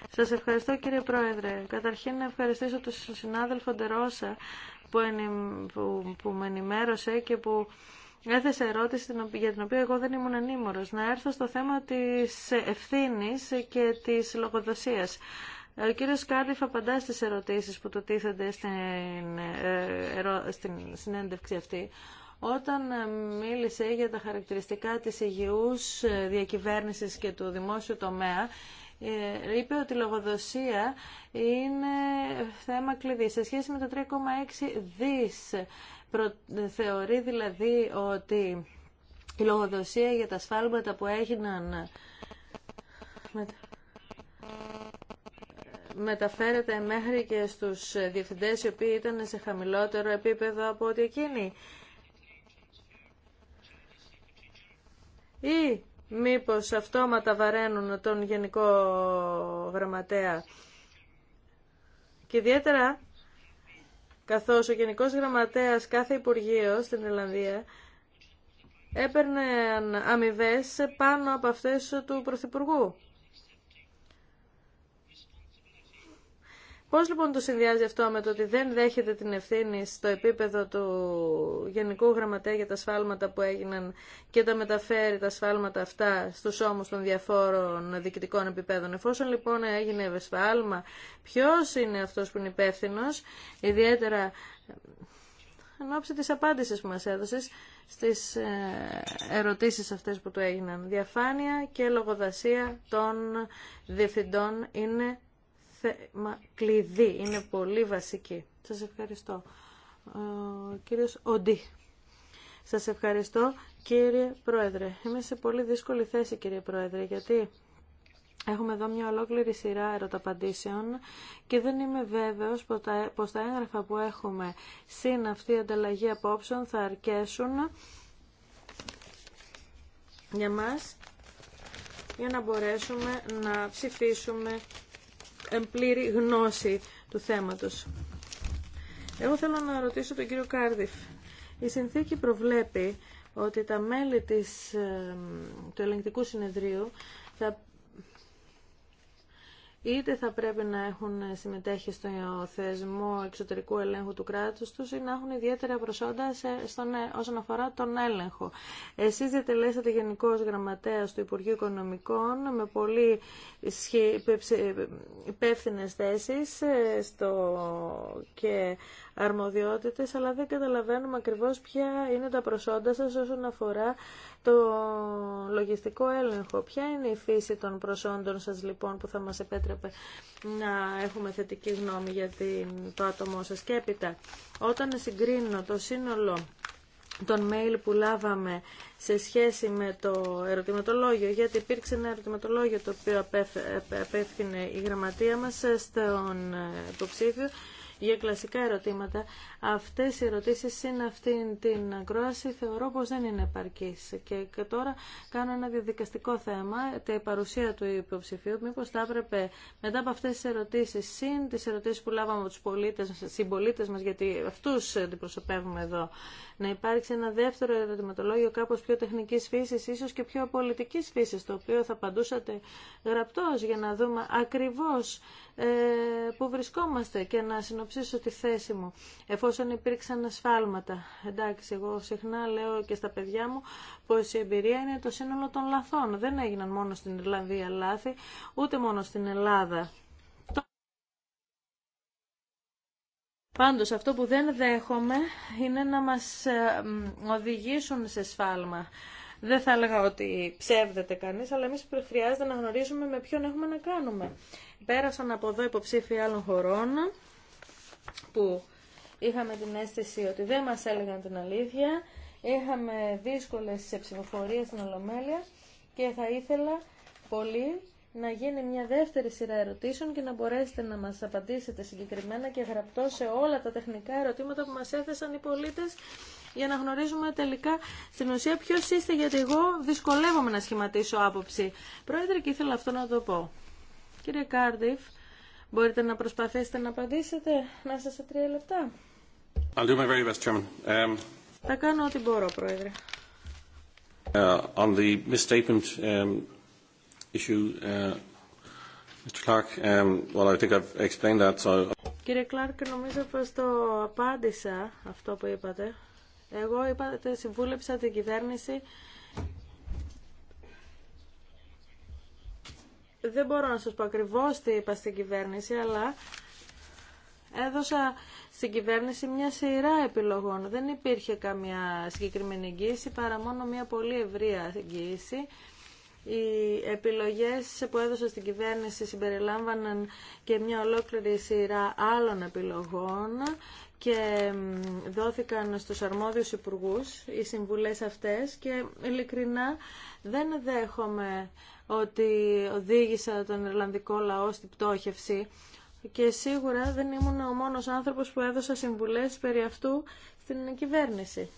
Σας ευχαριστώ κύριε Πρόεδρε. Καταρχήν να ευχαριστήσω τον συνάδελφο Ντερόσα που με ενημέρωσε και που έθεσε ερώτηση για την οποία εγώ δεν ήμουν ανήμορος. Να έρθω στο θέμα της ευθύνης και της λογοδοσίας. Ο κύριος Κάρδιφ απαντά στις ερωτήσεις που του τίθενται στην, ε, στην συνέντευξη αυτή. Όταν ε, μίλησε για τα χαρακτηριστικά της υγιούς ε, διακυβέρνησης και του δημόσιου τομέα, ε, είπε ότι η λογοδοσία είναι θέμα κλειδί. Σε σχέση με το 3,6 δις, θεωρεί δηλαδή ότι η λογοδοσία για τα σφάλματα που έγιναν μεταφέρεται μέχρι και στους διευθυντές οι οποίοι ήταν σε χαμηλότερο επίπεδο από ό,τι εκείνοι. ή μήπως αυτόματα βαραίνουν τον Γενικό Γραμματέα. Και ιδιαίτερα καθώς ο Γενικός Γραμματέας κάθε Υπουργείο στην Ιρλανδία έπαιρνε αμοιβέ πάνω από αυτές του Πρωθυπουργού. Πώς λοιπόν το συνδυάζει αυτό με το ότι δεν δέχεται την ευθύνη στο επίπεδο του Γενικού Γραμματέα για τα σφάλματα που έγιναν και τα μεταφέρει τα σφάλματα αυτά στους ώμους των διαφόρων διοικητικών επιπέδων. Εφόσον λοιπόν έγινε ευεσφάλμα, ποιος είναι αυτός που είναι υπεύθυνο, ιδιαίτερα εν ώψη της απάντησης που μας έδωσες στις ε, ερωτήσεις αυτές που του έγιναν. Διαφάνεια και λογοδασία των διευθυντών είναι θέμα κλειδί. Είναι πολύ βασική. Σας ευχαριστώ. Ε, ο κύριος Οντί. Σας ευχαριστώ κύριε Πρόεδρε. Είμαι σε πολύ δύσκολη θέση κύριε Πρόεδρε γιατί Έχουμε εδώ μια ολόκληρη σειρά ερωταπαντήσεων και δεν είμαι βέβαιος πως τα έγγραφα που έχουμε συν αυτή η ανταλλαγή απόψεων θα αρκέσουν για μας για να μπορέσουμε να ψηφίσουμε πλήρη γνώση του θέματος. Εγώ θέλω να ρωτήσω τον κύριο Κάρδιφ. Η συνθήκη προβλέπει ότι τα μέλη της, ε, του ελεγκτικού συνεδρίου θα είτε θα πρέπει να έχουν συμμετέχει στο θεσμό εξωτερικού ελέγχου του κράτους τους ή να έχουν ιδιαίτερα προσόντα στον, ε, όσον αφορά τον έλεγχο. Εσείς διατελέσατε Γενικός Γραμματέας του Υπουργείου Οικονομικών με πολύ υπεύθυνε θέσεις ε, στο, και αρμοδιότητες, αλλά δεν καταλαβαίνουμε ακριβώς ποια είναι τα προσόντα σας όσον αφορά το λογιστικό έλεγχο. Ποια είναι η φύση των προσόντων σας λοιπόν που θα μας επέτρεπε να έχουμε θετική γνώμη για το άτομό σας. Και έπειτα, όταν συγκρίνω το σύνολο των mail που λάβαμε σε σχέση με το ερωτηματολόγιο, γιατί υπήρξε ένα ερωτηματολόγιο το οποίο απέφυγε η γραμματεία μας στον υποψήφιο για κλασικά ερωτήματα. Αυτές οι ερωτήσεις συν αυτήν την ακρόαση θεωρώ πως δεν είναι επαρκής. Και τώρα κάνω ένα διαδικαστικό θέμα, τη παρουσία του υποψηφίου, μήπως θα έπρεπε μετά από αυτές τις ερωτήσεις, συν τις ερωτήσεις που λάβαμε από τους πολίτες, συμπολίτες μας, γιατί αυτούς αντιπροσωπεύουμε εδώ, να υπάρξει ένα δεύτερο ερωτηματολόγιο κάπως πιο τεχνικής φύσης, ίσως και πιο πολιτικής φύσης, το οποίο θα απαντούσατε γραπτός για να δούμε ακριβώς ε, που βρισκόμαστε και να συνοψίσω τη θέση μου εφόσον υπήρξαν σφάλματα Εντάξει, εγώ συχνά λέω και στα παιδιά μου πως η εμπειρία είναι το σύνολο των λαθών. Δεν έγιναν μόνο στην Ιρλανδία λάθη, ούτε μόνο στην Ελλάδα. Πάντως αυτό που δεν δέχομαι είναι να μας ε, οδηγήσουν σε σφάλμα. Δεν θα έλεγα ότι ψεύδεται κανείς, αλλά εμείς χρειάζεται να γνωρίζουμε με ποιον έχουμε να κάνουμε. Πέρασαν από εδώ υποψήφοι άλλων χωρών που είχαμε την αίσθηση ότι δεν μας έλεγαν την αλήθεια, είχαμε δύσκολες ψηφοφορίες στην Ολομέλεια και θα ήθελα πολύ να γίνει μια δεύτερη σειρά ερωτήσεων και να μπορέσετε να μας απαντήσετε συγκεκριμένα και γραπτό σε όλα τα τεχνικά ερωτήματα που μας έθεσαν οι πολίτες για να γνωρίζουμε τελικά στην ουσία ποιο είστε, γιατί εγώ δυσκολεύομαι να σχηματίσω άποψη. Πρόεδρε, και ήθελα αυτό να το πω. Κύριε Κάρντιφ, μπορείτε να προσπαθήσετε να απαντήσετε μέσα σε τρία λεπτά. Um, Θα κάνω ό,τι μπορώ, Πρόεδρε. Uh, on the misstatement, um issue, uh, um, I think Κύριε Κλάρκ, νομίζω πως το απάντησα αυτό που είπατε. Εγώ είπατε, συμβούλεψα την κυβέρνηση. Δεν μπορώ να σας πω ακριβώς τι είπα στην κυβέρνηση, αλλά έδωσα στην κυβέρνηση μια σειρά επιλογών. Δεν υπήρχε καμία συγκεκριμένη εγγύηση, παρά μόνο μια πολύ ευρεία εγγύηση οι επιλογές που έδωσε στην κυβέρνηση συμπεριλάμβαναν και μια ολόκληρη σειρά άλλων επιλογών και δόθηκαν στους αρμόδιους υπουργούς οι συμβουλές αυτές και ειλικρινά δεν δέχομαι ότι οδήγησα τον Ιρλανδικό λαό στην πτώχευση και σίγουρα δεν ήμουν ο μόνος άνθρωπος που έδωσα συμβουλές περί αυτού στην κυβέρνηση.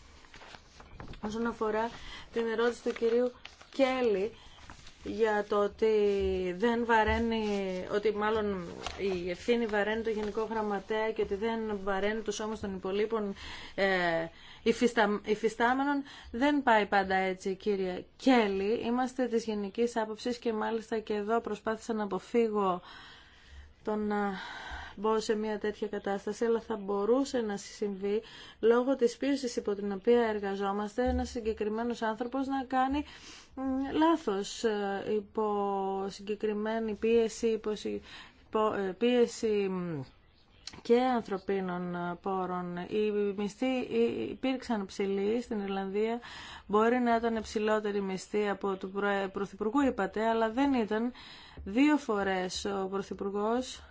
Όσον αφορά την ερώτηση του κυρίου Κέλλη για το ότι δεν βαραίνει, ότι μάλλον η ευθύνη βαραίνει το Γενικό Γραμματέα και ότι δεν βαραίνει τους όμως των υπολείπων ε, υφιστάμενων, δεν πάει πάντα έτσι κύριε Κέλλη. Είμαστε της γενικής άποψης και μάλιστα και εδώ προσπάθησα να αποφύγω τον ε, μπω σε μια τέτοια κατάσταση, αλλά θα μπορούσε να συμβεί λόγω της πίεσης υπό την οποία εργαζόμαστε ένας συγκεκριμένος άνθρωπος να κάνει λάθος ε, υπό συγκεκριμένη πίεση, υπό ε, πίεση και ανθρωπίνων ε, πόρων. Οι μισθοί υπήρξαν ψηλοί στην Ιρλανδία. Μπορεί να ήταν ψηλότερη μισθή από του Πρωθυπουργού, είπατε, αλλά δεν ήταν δύο φορές ο Πρωθυπουργός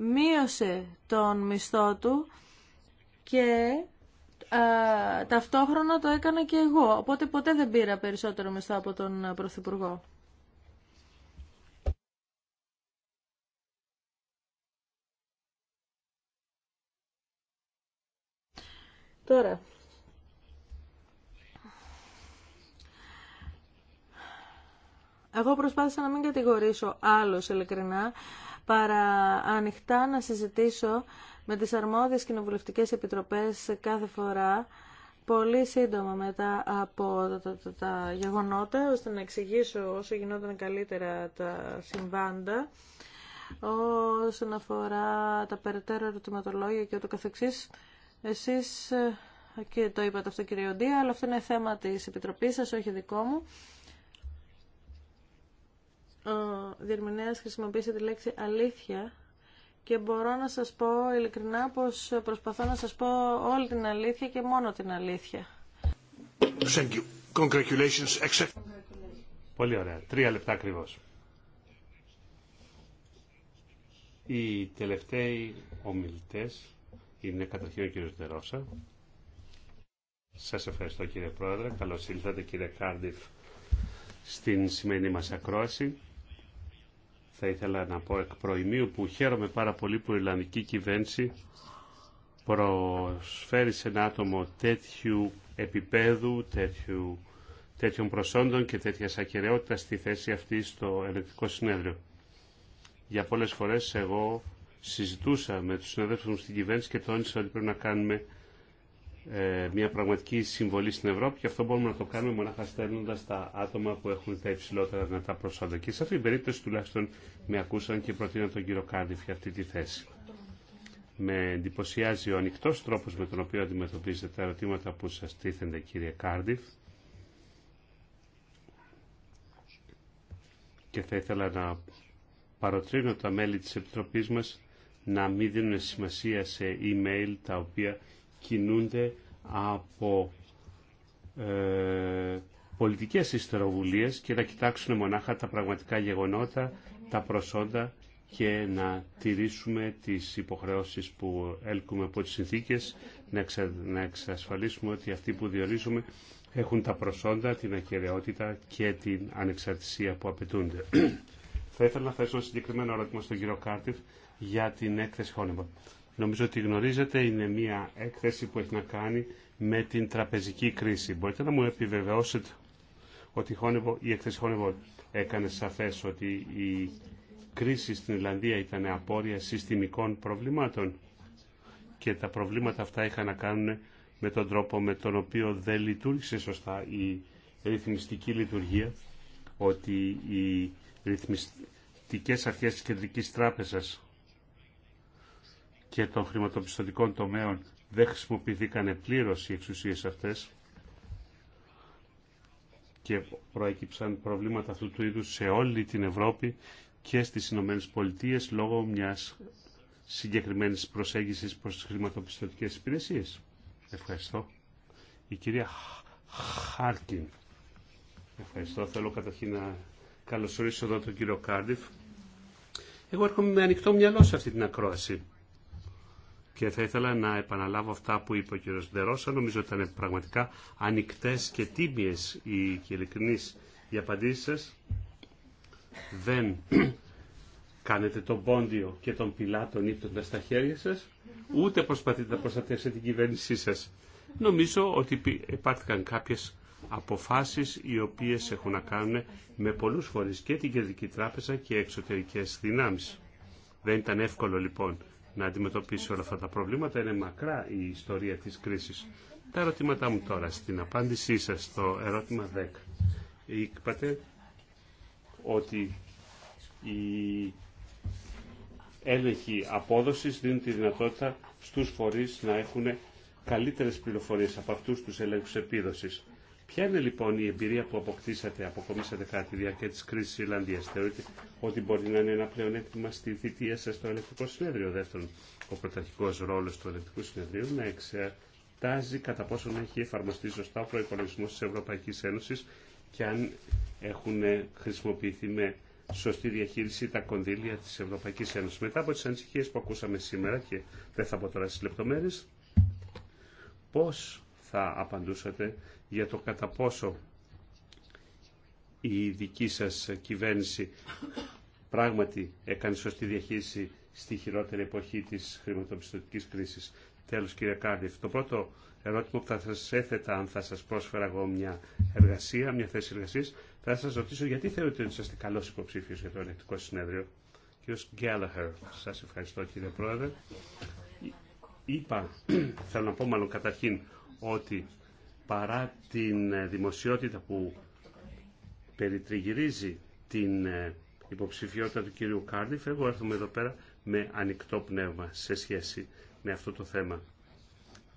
μείωσε τον μισθό του και α, ταυτόχρονα το έκανα και εγώ. Οπότε ποτέ δεν πήρα περισσότερο μισθό από τον Πρωθυπουργό. Τώρα, εγώ προσπάθησα να μην κατηγορήσω άλλος ειλικρινά, παρά ανοιχτά να συζητήσω με τις αρμόδιες κοινοβουλευτικές επιτροπές κάθε φορά πολύ σύντομα μετά από τα, γεγονότα ώστε να εξηγήσω όσο γινόταν καλύτερα τα συμβάντα όσον αφορά τα περαιτέρω ερωτηματολόγια και ούτω καθεξής εσείς ε, και το είπατε αυτό κύριε Οντία αλλά αυτό είναι θέμα της Επιτροπής σας όχι δικό μου ο διερμηνέας χρησιμοποίησε τη λέξη αλήθεια και μπορώ να σας πω ειλικρινά πως προσπαθώ να σας πω όλη την αλήθεια και μόνο την αλήθεια. Thank you. Congratulations. Πολύ ωραία. Τρία λεπτά ακριβώ. Οι τελευταίοι ομιλητές είναι καταρχήν ο κύριος Ντερόσα. Σας ευχαριστώ κύριε Πρόεδρε. Καλώς ήλθατε κύριε Κάρντιφ στην σημερινή μας ακρόαση θα ήθελα να πω εκ προημίου που χαίρομαι πάρα πολύ που η Ιρλανδική κυβέρνηση προσφέρει σε ένα άτομο τέτοιου επίπεδου, τέτοιου, τέτοιων προσόντων και τέτοια ακαιρεότητα στη θέση αυτή στο ελεκτικό συνέδριο. Για πολλές φορές εγώ συζητούσα με τους συναδέλφους μου στην κυβέρνηση και τόνισα ότι πρέπει να κάνουμε ε, μια πραγματική συμβολή στην Ευρώπη και αυτό μπορούμε να το κάνουμε μονάχα στέλνοντα τα άτομα που έχουν τα υψηλότερα δυνατά προσόντα. Και σε αυτή την περίπτωση τουλάχιστον με ακούσαν και προτείναν τον κύριο Κάρδιφ για αυτή τη θέση. Με εντυπωσιάζει ο ανοιχτό τρόπο με τον οποίο αντιμετωπίζετε τα ερωτήματα που σα τίθενται, κύριε Κάρδιφ. Και θα ήθελα να παροτρύνω τα μέλη της Επιτροπής μας να μην δίνουν σημασία σε email τα οποία κινούνται από ε, πολιτικές ιστεροβουλίες και να κοιτάξουν μονάχα τα πραγματικά γεγονότα, τα προσόντα και να τηρήσουμε τις υποχρεώσεις που έλκουμε από τις συνθήκες, να, να εξασφαλίσουμε ότι αυτοί που διορίζουμε έχουν τα προσόντα, την ακεραιότητα και την ανεξαρτησία που απαιτούνται. *clears throat* Θα ήθελα να θέσω ένα συγκεκριμένο ερώτημα στον κύριο Κάρτιφ για την έκθεση Χόνεμπορ νομίζω ότι γνωρίζετε, είναι μια έκθεση που έχει να κάνει με την τραπεζική κρίση. Μπορείτε να μου επιβεβαιώσετε ότι η έκθεση Χόνεβο έκανε σαφές ότι η κρίση στην Ιρλανδία ήταν απόρρια συστημικών προβλημάτων και τα προβλήματα αυτά είχαν να κάνουν με τον τρόπο με τον οποίο δεν λειτουργήσε σωστά η ρυθμιστική λειτουργία, ότι οι ρυθμιστικές αρχές της Κεντρικής Τράπεζας και των χρηματοπιστωτικών τομέων δεν χρησιμοποιηθήκαν πλήρως οι εξουσίες αυτές και προέκυψαν προβλήματα αυτού του είδους σε όλη την Ευρώπη και στις Ηνωμένε Πολιτείες λόγω μιας συγκεκριμένης προσέγγισης προς τις χρηματοπιστωτικές υπηρεσίες. Ευχαριστώ. Η κυρία Χάρκιν. Ευχαριστώ. Θέλω καταρχήν να καλωσορίσω εδώ τον κύριο Κάρντιφ. Εγώ έρχομαι με ανοιχτό μυαλό σε αυτή την ακρόαση και θα ήθελα να επαναλάβω αυτά που είπε ο κ. Ντερόσα. Νομίζω ότι ήταν πραγματικά ανοιχτέ και τίμιε οι ειλικρινεί οι απαντήσει σα. Δεν *clears throat* κάνετε τον πόντιο και τον πιλάτο ύπτοντα στα χέρια σα, ούτε προσπαθείτε να προστατεύσετε την κυβέρνησή σα. Νομίζω ότι υπάρχουν κάποιε αποφάσει οι οποίε έχουν να κάνουν με πολλού φορεί και την Κεντρική Τράπεζα και εξωτερικέ δυνάμει. Δεν ήταν εύκολο λοιπόν να αντιμετωπίσει όλα αυτά τα προβλήματα. Είναι μακρά η ιστορία της κρίσης. Τα ερωτήματά μου τώρα, στην απάντησή σας στο ερώτημα 10, είπατε ότι η έλεγχοι απόδοσης δίνει τη δυνατότητα στους φορείς να έχουν καλύτερες πληροφορίες από αυτούς τους ελέγχους επίδοσης. Ποια είναι λοιπόν η εμπειρία που αποκτήσατε, αποκομίσατε κατά τη διάρκεια τη κρίση τη Ιρλανδία. Θεωρείτε ότι μπορεί να είναι ένα πλεονέκτημα στη θητεία σα στο ελεκτικό συνέδριο. Δεύτερον, ο πρωταρχικό ρόλο του ελεκτικού συνεδρίου να εξετάζει κατά πόσον έχει εφαρμοστεί σωστά ο προπολογισμό τη Ευρωπαϊκή Ένωση και αν έχουν χρησιμοποιηθεί με σωστή διαχείριση τα κονδύλια τη Ευρωπαϊκή Ένωση. Μετά από τι ανησυχίε που ακούσαμε σήμερα και δεν θα πω τώρα στι λεπτομέρειε, πώ θα απαντούσατε για το κατά πόσο η δική σας κυβέρνηση πράγματι έκανε σωστή διαχείριση στη χειρότερη εποχή της χρηματοπιστωτικής κρίσης. Τέλος κύριε Κάρδιφ, το πρώτο ερώτημα που θα σας έθετα αν θα σας πρόσφερα εγώ μια εργασία, μια θέση εργασίας, θα σας ρωτήσω γιατί θεωρείτε ότι είστε καλός υποψήφιος για το ελεκτικό συνέδριο. Κύριος Γκέλαχερ, σας ευχαριστώ κύριε Πρόεδρε. Είπα, *clears throat* θέλω να πω μάλλον καταρχήν, ότι παρά την ε, δημοσιότητα που περιτριγυρίζει την ε, υποψηφιότητα του κυρίου Κάρντιφ, εγώ έρχομαι εδώ πέρα με ανοιχτό πνεύμα σε σχέση με αυτό το θέμα.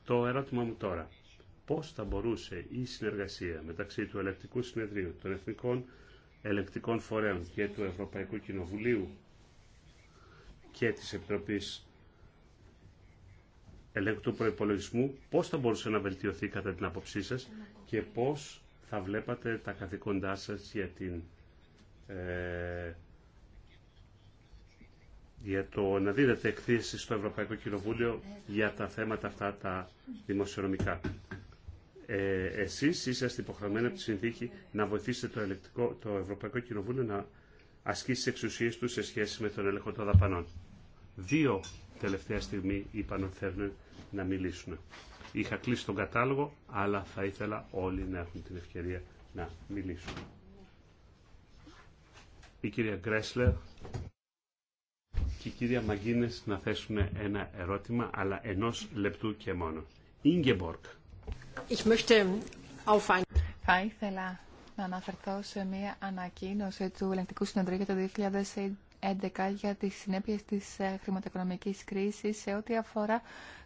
Το ερώτημα μου τώρα, πώς θα μπορούσε η συνεργασία μεταξύ του Ελεκτικού Συνεδρίου, των Εθνικών Ελεκτικών Φορέων και του Ευρωπαϊκού Κοινοβουλίου και της Επιτροπής ελέγχου του προπολογισμού, πώ θα μπορούσε να βελτιωθεί κατά την άποψή σα και πώ θα βλέπατε τα καθήκοντά σα για την. Ε, για το να δίνετε εκθέσει στο Ευρωπαϊκό Κοινοβούλιο για τα θέματα αυτά τα δημοσιονομικά. Ε, εσείς είσαστε υποχρεωμένοι από τη συνθήκη να βοηθήσετε το, ελεκτικό, το Ευρωπαϊκό Κοινοβούλιο να ασκήσει εξουσίες του σε σχέση με τον έλεγχο των δαπανών. Δύο τελευταία στιγμή είπαν ότι θέλουν να μιλήσουν. Είχα κλείσει τον κατάλογο, αλλά θα ήθελα όλοι να έχουν την ευκαιρία να μιλήσουν. Η κυρία Γκρέσλερ και η κυρία Μαγκίνες να θέσουν ένα ερώτημα, αλλά ενός λεπτού και μόνο. Ingeborg. Ich möchte auf ein... Θα ήθελα να αναφερθώ σε μια ανακοίνωση του Ελεγκτικού Συνεδρίου για το 2011 για τις συνέπειες της ε, χρηματοοικονομικής κρίσης σε ό,τι αφορά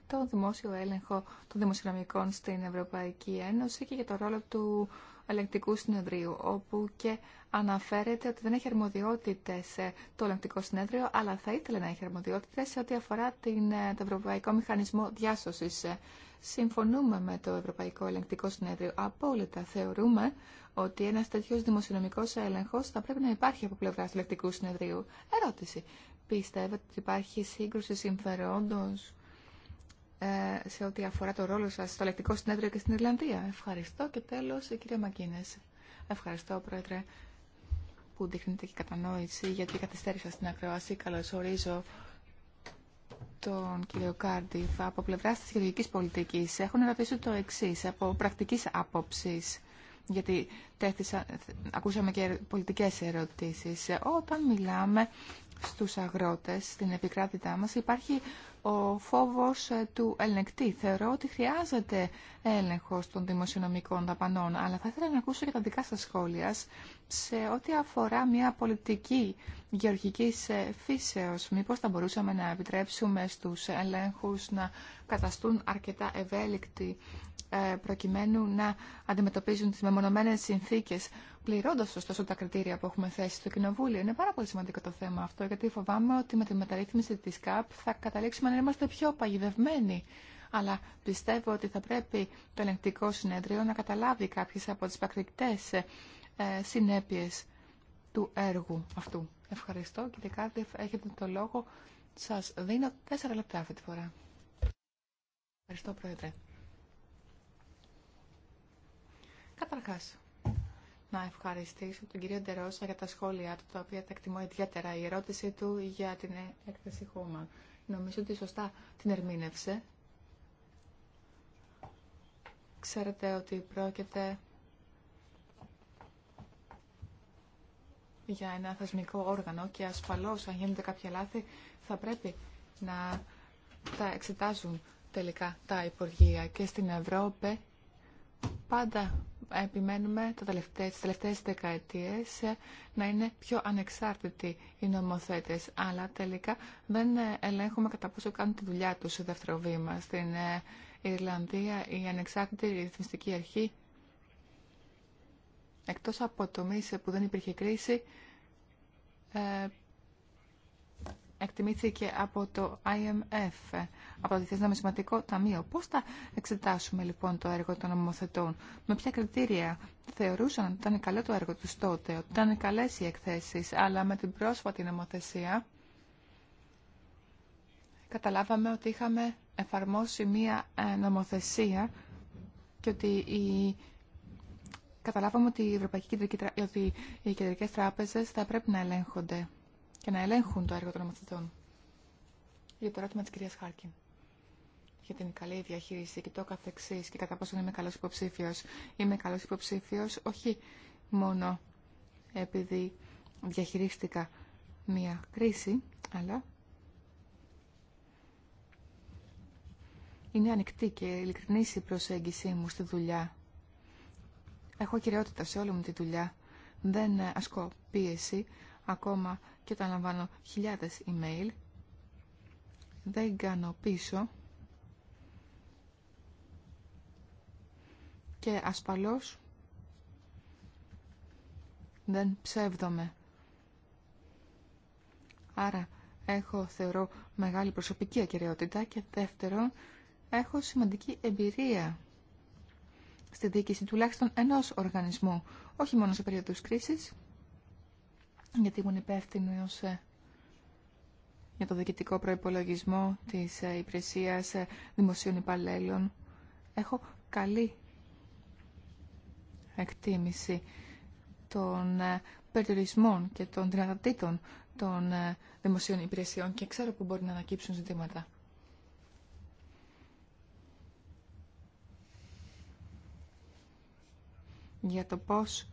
το δημόσιο έλεγχο των δημοσιονομικών στην Ευρωπαϊκή Ένωση και για το ρόλο του ελεγκτικού συνεδρίου, όπου και αναφέρεται ότι δεν έχει αρμοδιότητε ε, το ελεγκτικό συνέδριο, αλλά θα ήθελε να έχει αρμοδιότητε σε ό,τι αφορά την, ε, το Ευρωπαϊκό Μηχανισμό Διάσωση. Συμφωνούμε με το Ευρωπαϊκό Ελεγκτικό Συνέδριο απόλυτα. Θεωρούμε ότι ένα τέτοιο δημοσιονομικό έλεγχο θα πρέπει να υπάρχει από πλευρά του λεκτικού συνεδρίου. Ερώτηση. Πιστεύετε ότι υπάρχει σύγκρουση ε, σε ό,τι αφορά το ρόλο σα στο λεκτικό συνέδριο και στην Ιρλανδία. Ευχαριστώ και τέλο, η κυρία Μακίνες. Ευχαριστώ πρόεδρε που δείχνετε και κατανόηση γιατί καθυστέρησα στην ακρόαση. ορίζω τον κύριο Κάρντιφ από πλευρά τη γεωργική πολιτική. Έχω να το εξή από πρακτική άποψη γιατί τέθησα, ακούσαμε και πολιτικές ερωτήσεις. Όταν μιλάμε στους αγρότες, στην επικράτητά μας, υπάρχει ο φόβος ε, του ελεγκτή. Θεωρώ ότι χρειάζεται έλεγχος των δημοσιονομικών δαπανών, αλλά θα ήθελα να ακούσω και τα δικά σας σχόλια σε ό,τι αφορά μια πολιτική γεωργικής ε, φύσεως. Μήπως θα μπορούσαμε να επιτρέψουμε στους ελέγχους να καταστούν αρκετά ευέλικτοι ε, προκειμένου να αντιμετωπίζουν τις μεμονωμένες συνθήκες πληρώντα ωστόσο τα κριτήρια που έχουμε θέσει στο Κοινοβούλιο. Είναι πάρα πολύ σημαντικό το θέμα αυτό, γιατί φοβάμαι ότι με τη μεταρρύθμιση τη ΚΑΠ θα καταλήξουμε να είμαστε πιο παγιδευμένοι. Αλλά πιστεύω ότι θα πρέπει το ελεγκτικό συνέδριο να καταλάβει κάποιε από τι ε, συνέπειε του έργου αυτού. Ευχαριστώ. Κύριε Κάρτιφ, έχετε το λόγο. Σας δίνω τέσσερα λεπτά αυτή τη φορά. Ευχαριστώ, Πρόεδρε. Καταρχάς, να ευχαριστήσω τον κύριο Ντερόσα για τα σχόλιά του, τα οποία τα εκτιμώ ιδιαίτερα. Η ερώτησή του για την έκθεση χώμα. Νομίζω ότι σωστά την ερμήνευσε. Ξέρετε ότι πρόκειται για ένα θεσμικό όργανο και ασφαλώς αν γίνονται κάποια λάθη θα πρέπει να τα εξετάζουν τελικά τα υπουργεία και στην Ευρώπη πάντα επιμένουμε τα τελευταία, τις τελευταίες δεκαετίες να είναι πιο ανεξάρτητοι οι νομοθέτες, αλλά τελικά δεν ελέγχουμε κατά πόσο κάνουν τη δουλειά τους σε δεύτερο βήμα. Στην ε, Ιρλανδία η ανεξάρτητη ρυθμιστική αρχή, εκτός από το τομείς που δεν υπήρχε κρίση, ε, εκτιμήθηκε από το IMF από το είμαι Νομισματικό Ταμείο. Πώς θα εξετάσουμε λοιπόν το έργο των νομοθετών, με ποια κριτήρια θεωρούσαν ότι ήταν καλό το έργο του τότε, ότι ήταν καλές οι εκθέσεις, αλλά με την πρόσφατη νομοθεσία καταλάβαμε ότι είχαμε εφαρμόσει μία ε, νομοθεσία και ότι η... καταλάβαμε ότι οι Ευρωπαϊκοί ότι οι κεντρικές τράπεζες θα πρέπει να ελέγχονται και να ελέγχουν το έργο των νομοθετών. Για το ερώτημα της κυρίας Χάρκιν για την καλή διαχείριση και το καθεξής και κατά πόσο είμαι καλό υποψήφιο. Είμαι καλό υποψήφιο, όχι μόνο επειδή διαχειρίστηκα μία κρίση, αλλά είναι ανοιχτή και ειλικρινή η προσέγγιση μου στη δουλειά. Έχω κυριότητα σε όλη μου τη δουλειά. Δεν ασκώ πίεση, ακόμα και όταν λαμβάνω χιλιάδες email. Δεν κάνω πίσω και ασφαλώς δεν ψεύδομαι. Άρα έχω θεωρώ μεγάλη προσωπική ακεραιότητα και δεύτερον έχω σημαντική εμπειρία στη διοίκηση τουλάχιστον ενός οργανισμού, όχι μόνο σε περίοδους κρίσης, γιατί ήμουν υπεύθυνο ε, για το διοικητικό προϋπολογισμό της ε, υπηρεσίας ε, δημοσίων υπαλλέλων. Έχω καλή εκτίμηση των ε, περιορισμών και των δυνατοτήτων των ε, δημοσίων υπηρεσιών και ξέρω που μπορεί να ανακύψουν ζητήματα. Για το πώς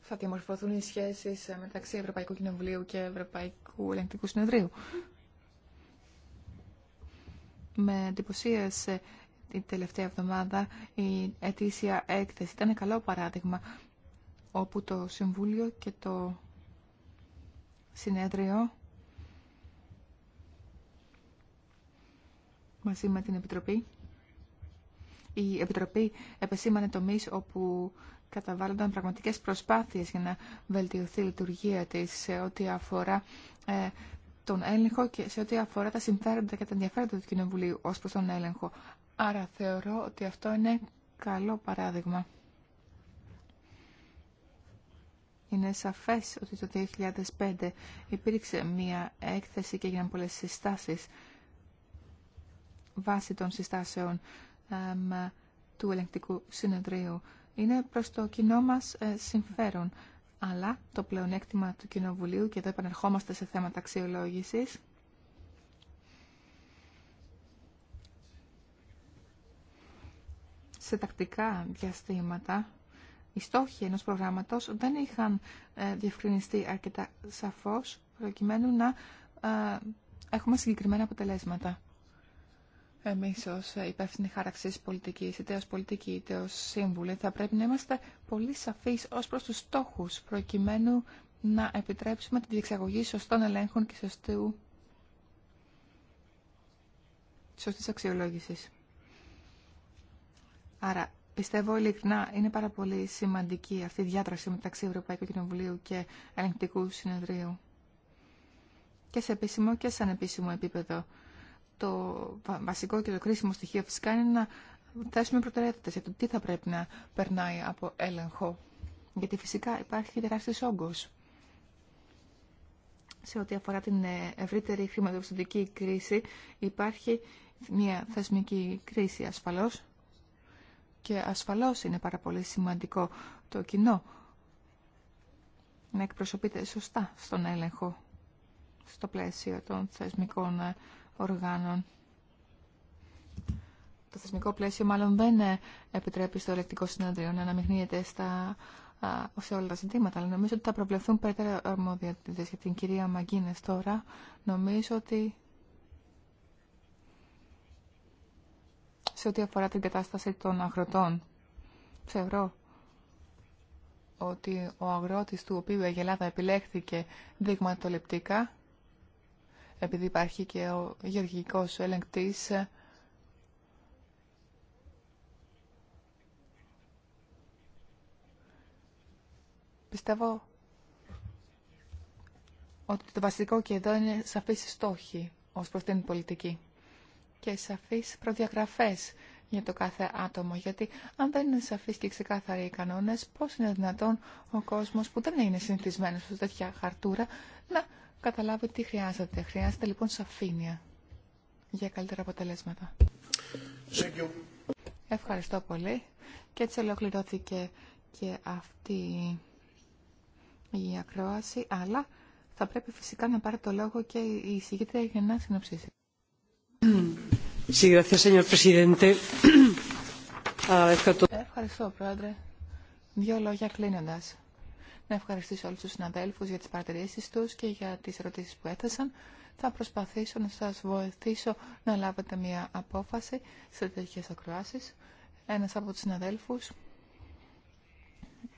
θα διαμορφωθούν οι σχέσεις ε, μεταξύ Ευρωπαϊκού Κοινοβουλίου και Ευρωπαϊκού Ελεγκτικού Συνεδρίου. Με εντυπωσίασε την τελευταία εβδομάδα η ετήσια έκθεση. Ήταν καλό παράδειγμα όπου το Συμβούλιο και το Συνέδριο μαζί με την Επιτροπή η Επιτροπή επεσήμανε τομείς όπου καταβάλλονταν πραγματικές προσπάθειες για να βελτιωθεί η λειτουργία της σε ό,τι αφορά ε, τον έλεγχο και σε ό,τι αφορά τα συμφέροντα και τα ενδιαφέροντα του Κοινοβουλίου ως προς τον έλεγχο. Άρα θεωρώ ότι αυτό είναι καλό παράδειγμα. Είναι σαφές ότι το 2005 υπήρξε μία έκθεση και έγιναν πολλές συστάσεις βάσει των συστάσεων του ελεγκτικού συνεδρίου. Είναι προς το κοινό μας ε, συμφέρον, αλλά το πλεονέκτημα του Κοινοβουλίου και εδώ επανερχόμαστε σε θέματα αξιολόγησης σε τακτικά διαστήματα, οι στόχοι ενός προγράμματος δεν είχαν ε, διευκρινιστεί αρκετά σαφώς προκειμένου να ε, έχουμε συγκεκριμένα αποτελέσματα. Εμείς ως υπεύθυνοι χάραξης πολιτικής, είτε ως πολιτικοί είτε ως σύμβουλοι, θα πρέπει να είμαστε πολύ σαφείς ως προς τους στόχους, προκειμένου να επιτρέψουμε τη διεξαγωγή σωστών ελέγχων και σωστού σωστής αξιολόγησης. Άρα πιστεύω ειλικρινά είναι πάρα πολύ σημαντική αυτή η διάδραση μεταξύ Ευρωπαϊκού Κοινοβουλίου και Ελεγκτικού Συνεδρίου. Και σε επίσημο και σε ανεπίσημο επίπεδο. Το βασικό και το κρίσιμο στοιχείο φυσικά είναι να θέσουμε προτεραιότητε για το τι θα πρέπει να περνάει από έλεγχο. Γιατί φυσικά υπάρχει τεράστιο όγκο σε ό,τι αφορά την ε, ευρύτερη χρηματοπιστωτική κρίση υπάρχει μια θεσμική κρίση ασφαλώς και ασφαλώς είναι πάρα πολύ σημαντικό το κοινό να εκπροσωπείται σωστά στον έλεγχο στο πλαίσιο των θεσμικών ε, οργάνων. Το θεσμικό πλαίσιο μάλλον δεν ε, επιτρέπει στο ελεκτικό συνέδριο να αναμειχνύεται στα, σε όλα τα ζητήματα, αλλά νομίζω ότι θα προβλεφθούν περαιτέρω αρμόδια για την κυρία Μαγκίνες τώρα. Νομίζω ότι σε ό,τι αφορά την κατάσταση των αγροτών. Θεωρώ ότι ο αγρότης του οποίου η Ελλάδα επιλέχθηκε δειγματοληπτικά, επειδή υπάρχει και ο γεωργικός ελεγκτής, πιστεύω ότι το βασικό και εδώ είναι σαφής στόχη ως προς την πολιτική και σαφείς προδιαγραφές για το κάθε άτομο. Γιατί αν δεν είναι σαφείς και ξεκάθαροι οι κανόνες, πώς είναι δυνατόν ο κόσμος που δεν είναι συνηθισμένος σε τέτοια χαρτούρα να καταλάβει τι χρειάζεται. Χρειάζεται λοιπόν σαφήνεια για καλύτερα αποτελέσματα. Ευχαριστώ πολύ. Και έτσι ολοκληρώθηκε και αυτή η ακρόαση, αλλά θα πρέπει φυσικά να πάρει το λόγο και η εισηγήτρια για να συνοψίσει. Ευχαριστώ, Πρόεδρε. Δύο λόγια κλείνοντα. Να ευχαριστήσω όλου του συναδέλφου για τι παρατηρήσει του και για τι ερωτήσει που έθεσαν. Θα προσπαθήσω να σα βοηθήσω να λάβετε μια απόφαση σε τέτοιε ακροάσει. Ένα από του συναδέλφου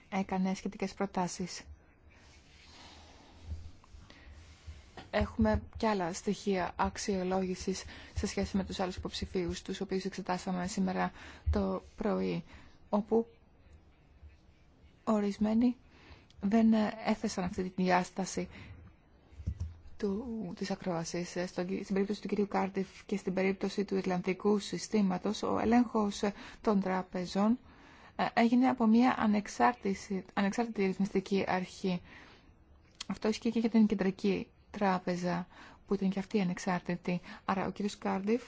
έκανε σχετικέ προτάσει έχουμε κι άλλα στοιχεία αξιολόγησης σε σχέση με τους άλλους υποψηφίους, τους οποίους εξετάσαμε σήμερα το πρωί, όπου ορισμένοι δεν έθεσαν αυτή την διάσταση του, της ακρόασης. Ε, στην περίπτωση του κυρίου Κάρτιφ και στην περίπτωση του Ιρλανδικού συστήματος, ο ελέγχος των τραπεζών ε, έγινε από μια ανεξάρτητη ρυθμιστική αρχή. Αυτό ισχύει και για την Κεντρική τράπεζα που ήταν και αυτή ανεξάρτητη. Άρα ο κύριος Κάρντιφ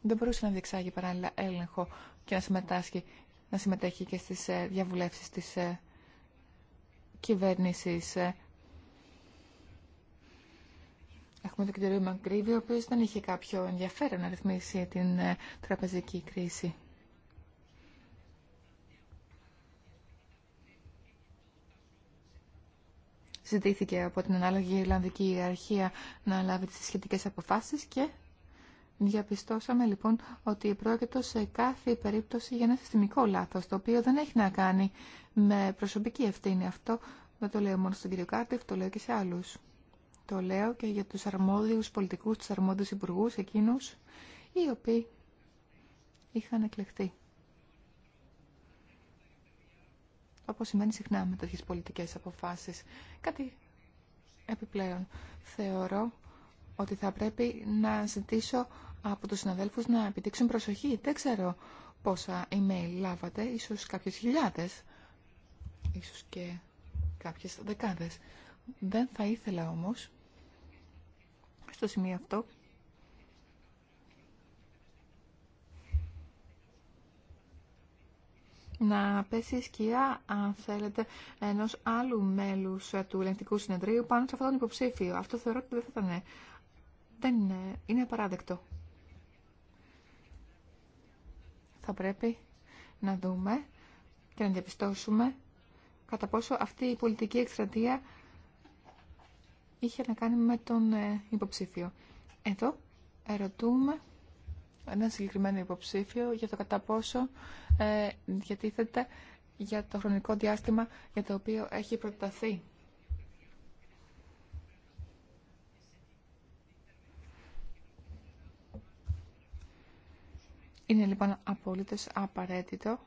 δεν μπορούσε να διεξάγει παράλληλα έλεγχο και να συμμετάσχει να συμμετέχει και στις ε, διαβουλεύσεις της ε, κυβέρνησης. Ε. Έχουμε τον κύριο Μαγκρίβη, ο οποίος δεν είχε κάποιο ενδιαφέρον να ρυθμίσει την τραπεζική κρίση. ζητήθηκε από την ανάλογη Ιρλανδική Ιεραρχία να λάβει τις σχετικές αποφάσεις και διαπιστώσαμε λοιπόν ότι πρόκειται σε κάθε περίπτωση για ένα συστημικό λάθος, το οποίο δεν έχει να κάνει με προσωπική ευθύνη αυτό. Δεν το λέω μόνο στον κύριο Κάρτεφ, το λέω και σε άλλους. Το λέω και για τους αρμόδιους πολιτικούς, τους αρμόδιους υπουργούς, εκείνους οι οποίοι είχαν εκλεχθεί Όπω σημαίνει συχνά με τέτοιε πολιτικές αποφάσεις. Κάτι επιπλέον θεωρώ ότι θα πρέπει να ζητήσω από τους συναδέλφους να επιτύξουν προσοχή. Δεν ξέρω πόσα email λάβατε, ίσως κάποιες χιλιάδες, ίσως και κάποιες δεκάδες. Δεν θα ήθελα όμως στο σημείο αυτό να πέσει η σκιά, αν θέλετε, ενό άλλου μέλου του ελεγκτικού συνεδρίου πάνω σε αυτόν τον υποψήφιο. Αυτό θεωρώ ότι δεν θα ήταν. Ε, δεν είναι, είναι απαράδεκτο. Θα πρέπει να δούμε και να διαπιστώσουμε κατά πόσο αυτή η πολιτική εκστρατεία είχε να κάνει με τον ε, υποψήφιο. Εδώ ερωτούμε ένα συγκεκριμένο υποψήφιο για το κατά πόσο ε, διατίθεται για το χρονικό διάστημα για το οποίο έχει προταθεί. Είναι λοιπόν απολύτως απαραίτητο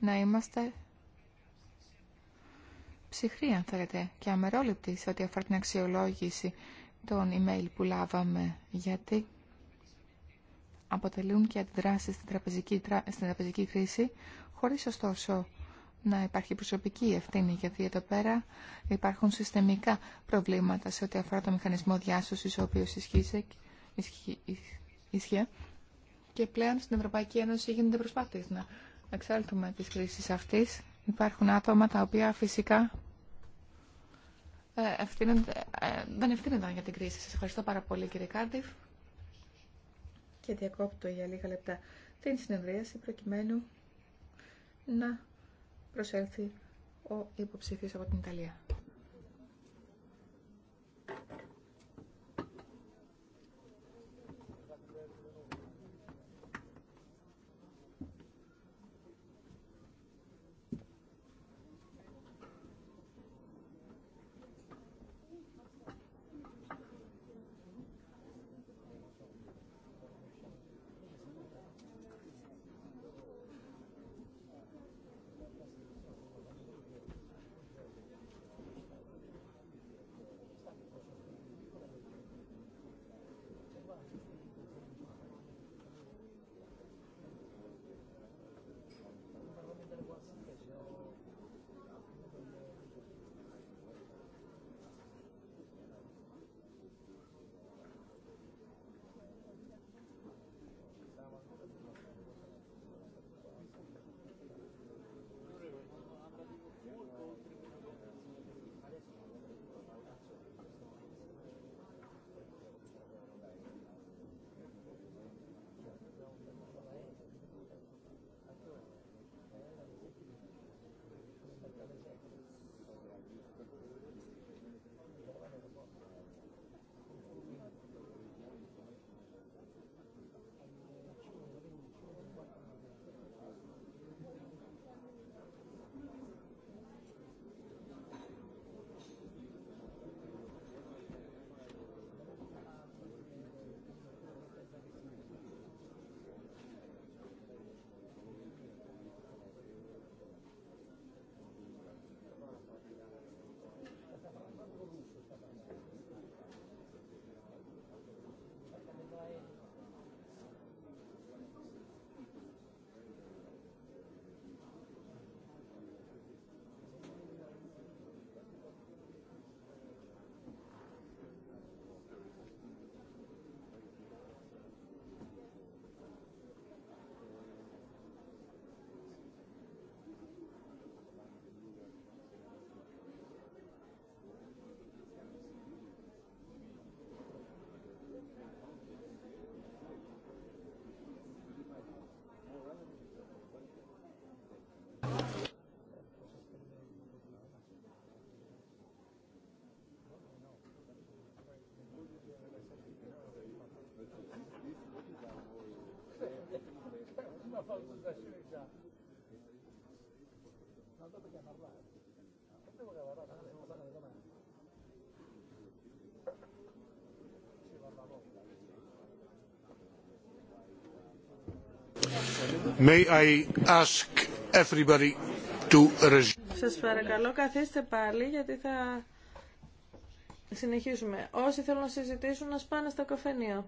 να είμαστε ψυχροί αν θέλετε και αμερόληπτοι σε ό,τι αφορά την αξιολόγηση των email που λάβαμε γιατί αποτελούν και αντιδράσεις στην τραπεζική, τραπεζική κρίση, χωρίς ωστόσο να υπάρχει προσωπική ευθύνη, γιατί εδώ πέρα υπάρχουν συστημικά προβλήματα σε ό,τι αφορά το μηχανισμό διάσωσης, ο οποίος ισχύει ισχύ, Και πλέον στην Ευρωπαϊκή Ένωση γίνονται προσπάθειες να εξέλθουμε τις κρίσεις αυτής. Υπάρχουν άτομα τα οποία φυσικά ε, ε, δεν ευθύνονταν για την κρίση. Σας ευχαριστώ πάρα πολύ κύριε Κάρντιφ και διακόπτω για λίγα λεπτά την συνεδρίαση προκειμένου να προσέλθει ο υποψήφιος από την Ιταλία. May I ask everybody to... Σας παρακαλώ καθίστε πάλι γιατί θα συνεχίσουμε. Όσοι θέλουν να συζητήσουν να σπάνε στο καφενείο.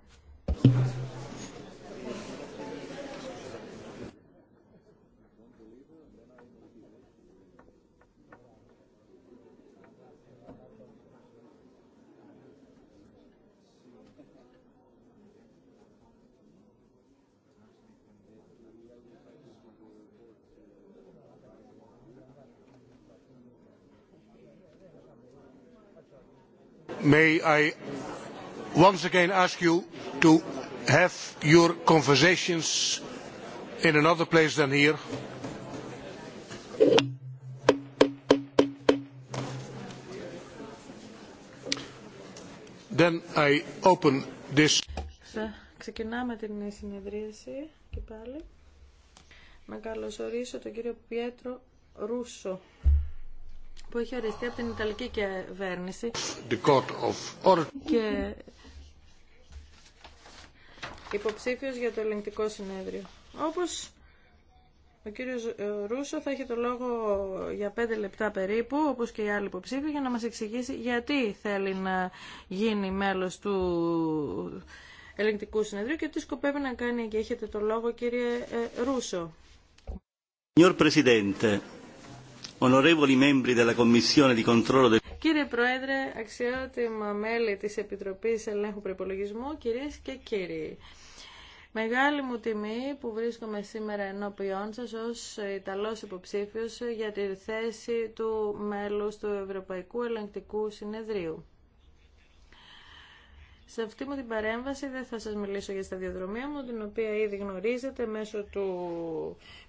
may I once again ask you to have your conversations in another place than here? Then I open this. Ξεκινάμε την συνεδρίαση και πάλι. Να καλωσορίσω τον κύριο Πιέτρο Ρούσο που έχει οριστεί από την Ιταλική κυβέρνηση The court of... και υποψήφιος για το ελεγκτικό συνέδριο. Όπως ο κύριος ε, Ρούσο θα έχει το λόγο για πέντε λεπτά περίπου, όπως και οι άλλοι υποψήφοι, για να μας εξηγήσει γιατί θέλει να γίνει μέλος του ελεγκτικού συνεδρίου και τι σκοπεύει να κάνει και έχετε το λόγο κύριε ε, Ρούσο. Κύριε Πρόεδρε, αξιότιμα μέλη της Επιτροπής Ελέγχου Προπολογισμού, κυρίες και κύριοι. Μεγάλη μου τιμή που βρίσκομαι σήμερα ενώπιόν σας ως Ιταλός υποψήφιος για τη θέση του μέλους του Ευρωπαϊκού Ελεγκτικού Συνεδρίου. Σε αυτή μου την παρέμβαση δεν θα σας μιλήσω για σταδιοδρομία μου, την οποία ήδη γνωρίζετε μέσω του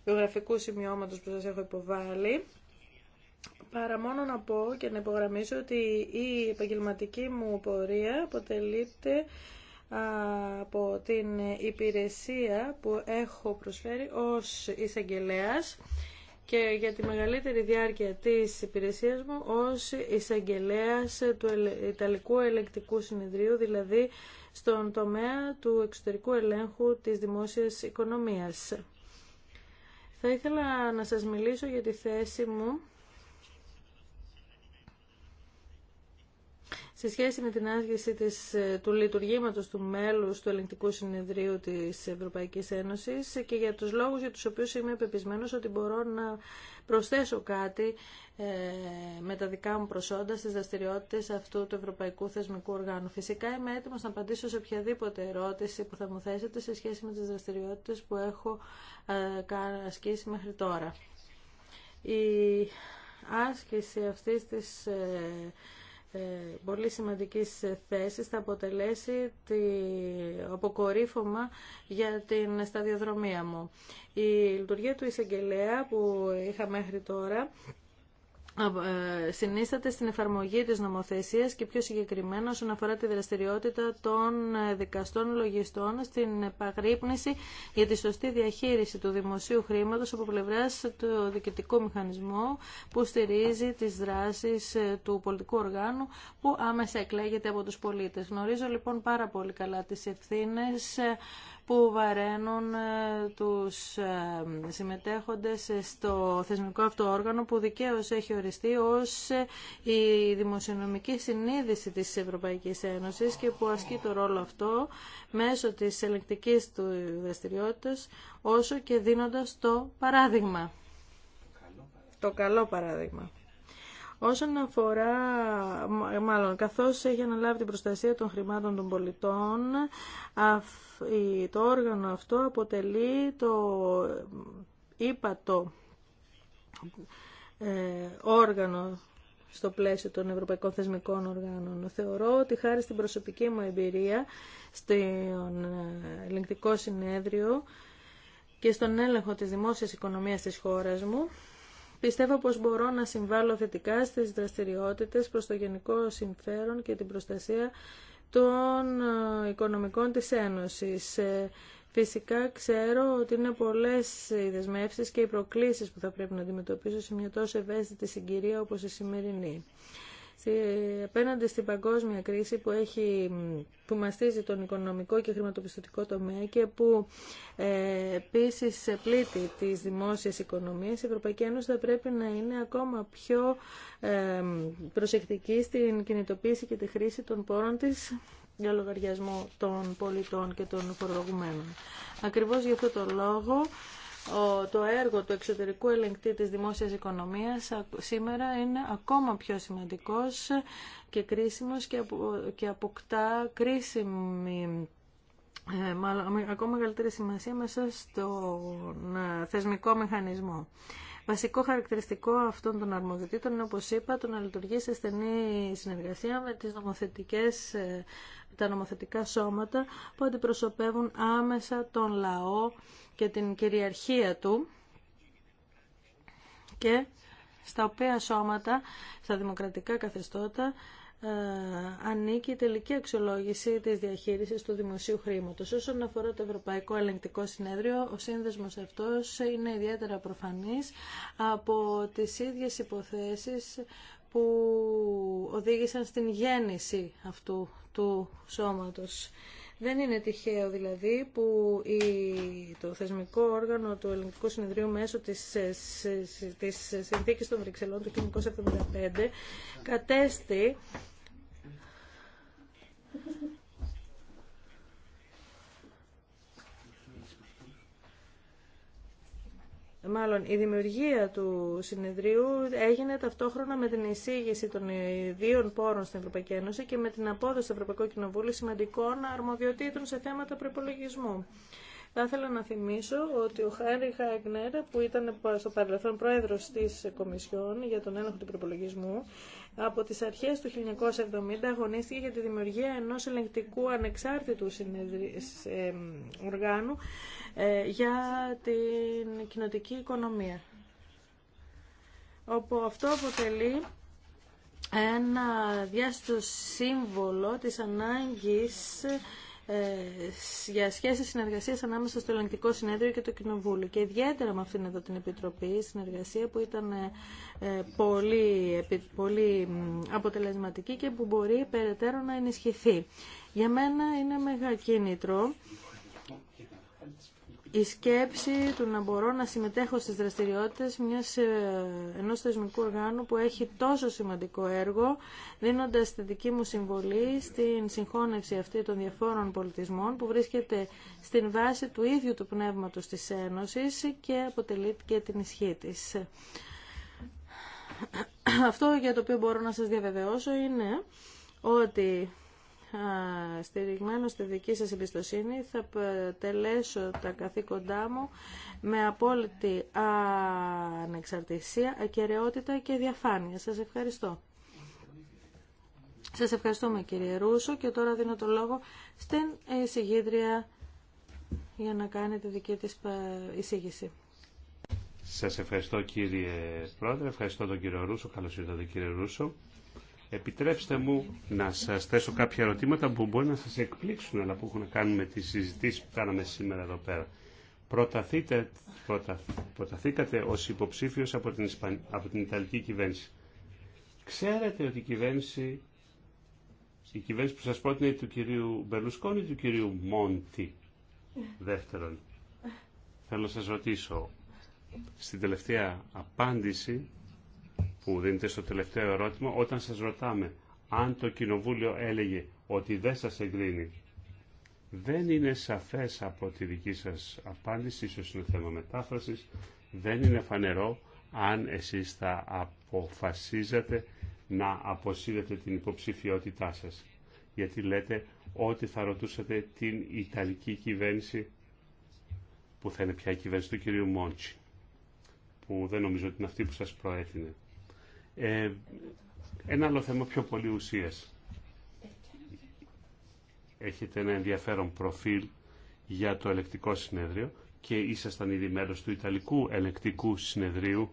βιογραφικού σημειώματος που σας έχω υποβάλει. Παρά μόνο να πω και να υπογραμμίσω ότι η επαγγελματική μου πορεία αποτελείται από την υπηρεσία που έχω προσφέρει ως εισαγγελέα και για τη μεγαλύτερη διάρκεια της υπηρεσίας μου ως εισαγγελέα του Ιταλικού Ελεκτικού Συνεδρίου, δηλαδή στον τομέα του εξωτερικού ελέγχου της δημόσιας οικονομίας. Θα ήθελα να σας μιλήσω για τη θέση μου σε σχέση με την άσκηση της, ε, του λειτουργήματος του μέλους του Ελληνικού Συνεδρίου της Ευρωπαϊκής Ένωσης και για τους λόγους για τους οποίους είμαι πεπισμένος ότι μπορώ να προσθέσω κάτι ε, με τα δικά μου προσόντα στις δραστηριότητε αυτού του Ευρωπαϊκού Θεσμικού Οργάνου. Φυσικά είμαι έτοιμος να απαντήσω σε οποιαδήποτε ερώτηση που θα μου θέσετε σε σχέση με τις δραστηριότητες που έχω ε, ασκήσει μέχρι τώρα. Η άσκηση αυτής της ε, πολύ σημαντικής θέσης θα αποτελέσει το αποκορύφωμα για την σταδιοδρομία μου. Η λειτουργία του εισαγγελέα που είχα μέχρι τώρα ε, συνίσταται στην εφαρμογή της νομοθεσίας και πιο συγκεκριμένα όσον αφορά τη δραστηριότητα των ε, δικαστών λογιστών στην επαγρύπνηση για τη σωστή διαχείριση του δημοσίου χρήματος από πλευράς του διοικητικού μηχανισμού που στηρίζει τις δράσεις ε, του πολιτικού οργάνου που άμεσα εκλέγεται από τους πολίτες. Γνωρίζω λοιπόν πάρα πολύ καλά τις ευθύνες που βαραίνουν ε, τους ε, συμμετέχοντες στο θεσμικό αυτό όργανο που δικαίως έχει οριστεί ως ε, η δημοσιονομική συνείδηση της Ευρωπαϊκής Ένωσης και που ασκεί το ρόλο αυτό μέσω της ελεκτικής του δραστηριότητα όσο και δίνοντας το παράδειγμα. Το καλό παράδειγμα. Όσον αφορά, μάλλον καθώς έχει αναλάβει την προστασία των χρημάτων των πολιτών, το όργανο αυτό αποτελεί το ύπατο ε, όργανο στο πλαίσιο των ευρωπαϊκών θεσμικών οργάνων. Θεωρώ ότι χάρη στην προσωπική μου εμπειρία στο ε, ελεγκτικό συνέδριο και στον έλεγχο της δημόσιας οικονομίας της χώρας μου, Πιστεύω πως μπορώ να συμβάλλω θετικά στις δραστηριότητες προς το γενικό συμφέρον και την προστασία των ε, οικονομικών της Ένωσης. Ε, φυσικά ξέρω ότι είναι πολλές οι δεσμεύσεις και οι προκλήσεις που θα πρέπει να αντιμετωπίσω σε μια τόσο ευαίσθητη συγκυρία όπως η σημερινή απέναντι στην παγκόσμια κρίση που, έχει, που μαστίζει τον οικονομικό και χρηματοπιστωτικό τομέα και που ε, επίσης πλήττει τις δημόσιες οικονομίες, η Ευρωπαϊκή Ένωση θα πρέπει να είναι ακόμα πιο ε, προσεκτική στην κινητοποίηση και τη χρήση των πόρων της για λογαριασμό των πολιτών και των φορολογουμένων. Ακριβώς γι' αυτό το λόγο το έργο του εξωτερικού ελεγκτή της δημόσιας οικονομίας σήμερα είναι ακόμα πιο σημαντικός και κρίσιμος και αποκτά κρίσιμη ε, ακόμα μεγαλύτερη σημασία μέσα στον ε, θεσμικό μηχανισμό. Βασικό χαρακτηριστικό αυτών των αρμοδιοτήτων είναι, όπως είπα, το να λειτουργεί σε στενή συνεργασία με τις νομοθετικές, ε, τα νομοθετικά σώματα που αντιπροσωπεύουν άμεσα τον λαό και την κυριαρχία του και στα οποία σώματα, στα δημοκρατικά καθεστώτα, ε, ανήκει η τελική αξιολόγηση της διαχείρισης του δημοσίου χρήματος. Όσον αφορά το Ευρωπαϊκό Ελεγκτικό Συνέδριο, ο σύνδεσμος αυτός είναι ιδιαίτερα προφανής από τις ίδιες υποθέσεις που οδήγησαν στην γέννηση αυτού του σώματος. Δεν είναι τυχαίο δηλαδή που η, το θεσμικό όργανο του Ελληνικού Συνεδρίου μέσω της, ε, της συνθήκης των Βρυξελών του 1975 κατέστη μάλλον η δημιουργία του συνεδρίου έγινε ταυτόχρονα με την εισήγηση των ιδίων πόρων στην Ευρωπαϊκή Ένωση και με την απόδοση του Ευρωπαϊκού Κοινοβούλου σημαντικών αρμοδιοτήτων σε θέματα προπολογισμού. Θα ήθελα να θυμίσω ότι ο Χάρι Χάγνερ, που ήταν στο παρελθόν Πρόεδρο τη Κομισιόν για τον έλεγχο του προπολογισμού, από τι αρχέ του 1970 αγωνίστηκε για τη δημιουργία ενό ελεγκτικού ανεξάρτητου οργάνου ε, για την κοινοτική οικονομία όπου αυτό αποτελεί ένα διάστο σύμβολο της ανάγκης ε, για σχέση συνεργασίας ανάμεσα στο Ελληνικό Συνέδριο και το Κοινοβούλιο και ιδιαίτερα με αυτήν εδώ την Επιτροπή συνεργασία που ήταν ε, πολύ, πολύ αποτελεσματική και που μπορεί περαιτέρω να ενισχυθεί. Για μένα είναι κίνητρο η σκέψη του να μπορώ να συμμετέχω στις δραστηριότητες μιας, ε, ενός θεσμικού οργάνου που έχει τόσο σημαντικό έργο, δίνοντας τη δική μου συμβολή στην συγχώνευση αυτή των διαφόρων πολιτισμών που βρίσκεται στην βάση του ίδιου του πνεύματος της Ένωσης και αποτελεί και την ισχύ της. Αυτό για το οποίο μπορώ να σας διαβεβαιώσω είναι ότι στηριγμένο στη δική σας εμπιστοσύνη θα τελέσω τα καθήκοντά μου με απόλυτη ανεξαρτησία, ακαιρεότητα και διαφάνεια. Σας ευχαριστώ. Σας ευχαριστούμε κύριε Ρούσο και τώρα δίνω το λόγο στην εισηγήτρια για να κάνει τη δική της ε, εισήγηση. Σας ευχαριστώ κύριε Πρόεδρε, ευχαριστώ τον κύριο Ρούσο, καλώς ήρθατε κύριε Ρούσο. Επιτρέψτε μου να σας θέσω κάποια ερωτήματα που μπορεί να σας εκπλήξουν, αλλά που έχουν να κάνουν με τις συζητήσεις που κάναμε σήμερα εδώ πέρα. Προταθείτε, πρώτα προταθήκατε ως υποψήφιος από την, από την Ιταλική κυβέρνηση. Ξέρετε ότι η κυβέρνηση, η κυβέρνηση που σας πρότεινε του κυρίου Μπερλουσκόνη ή του κυρίου Μόντι. Δεύτερον, θέλω να σας ρωτήσω, στην τελευταία απάντηση που δίνετε στο τελευταίο ερώτημα, όταν σας ρωτάμε αν το Κοινοβούλιο έλεγε ότι δεν σας εγκρίνει, δεν είναι σαφές από τη δική σας απάντηση, ίσως είναι θέμα μετάφρασης, δεν είναι φανερό αν εσείς θα αποφασίζετε να αποσύρετε την υποψηφιότητά σας. Γιατί λέτε ότι θα ρωτούσατε την Ιταλική κυβέρνηση, που θα είναι πια η κυβέρνηση του κυρίου Μόντσι, που δεν νομίζω ότι είναι αυτή που σας προέτεινε. Ε, ένα άλλο θέμα πιο πολύ ουσίας. Έχετε ένα ενδιαφέρον προφίλ για το ελεκτικό συνέδριο και ήσασταν ήδη μέρος του Ιταλικού Ελεκτικού Συνεδρίου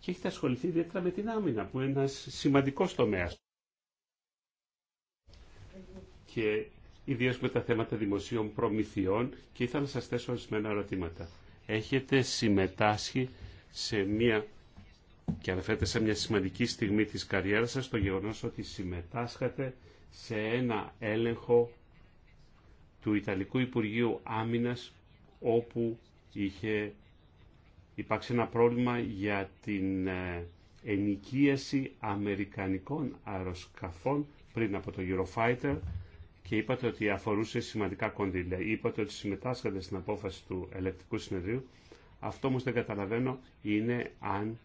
και έχετε ασχοληθεί ιδιαίτερα με την άμυνα που είναι ένας σημαντικός τομέας και ιδίω με τα θέματα δημοσίων προμηθειών και ήθελα να σας θέσω ορισμένα ερωτήματα. Έχετε συμμετάσχει σε μία και αναφέρεται σε μια σημαντική στιγμή της καριέρας σας το γεγονός ότι συμμετάσχατε σε ένα έλεγχο του Ιταλικού Υπουργείου Άμυνας όπου είχε υπάρξει ένα πρόβλημα για την ε, ενοικίαση αμερικανικών αεροσκαφών πριν από το Eurofighter και είπατε ότι αφορούσε σημαντικά κονδύλια. Είπατε ότι συμμετάσχατε στην απόφαση του ελεκτικού συνεδρίου. Αυτό όμως δεν καταλαβαίνω είναι αν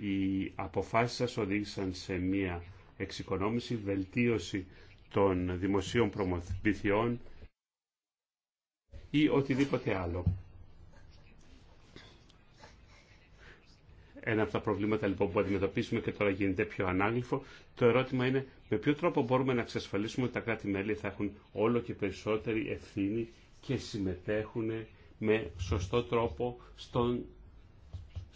οι αποφάσεις σας οδήγησαν σε μία εξοικονόμηση, βελτίωση των δημοσίων προμηθειών ή οτιδήποτε άλλο. Ένα από τα προβλήματα λοιπόν που αντιμετωπίσουμε και τώρα γίνεται πιο ανάγλυφο, το ερώτημα είναι με ποιο τρόπο μπορούμε να εξασφαλίσουμε ότι τα κράτη-μέλη θα έχουν όλο και περισσότερη ευθύνη και συμμετέχουν με σωστό τρόπο στον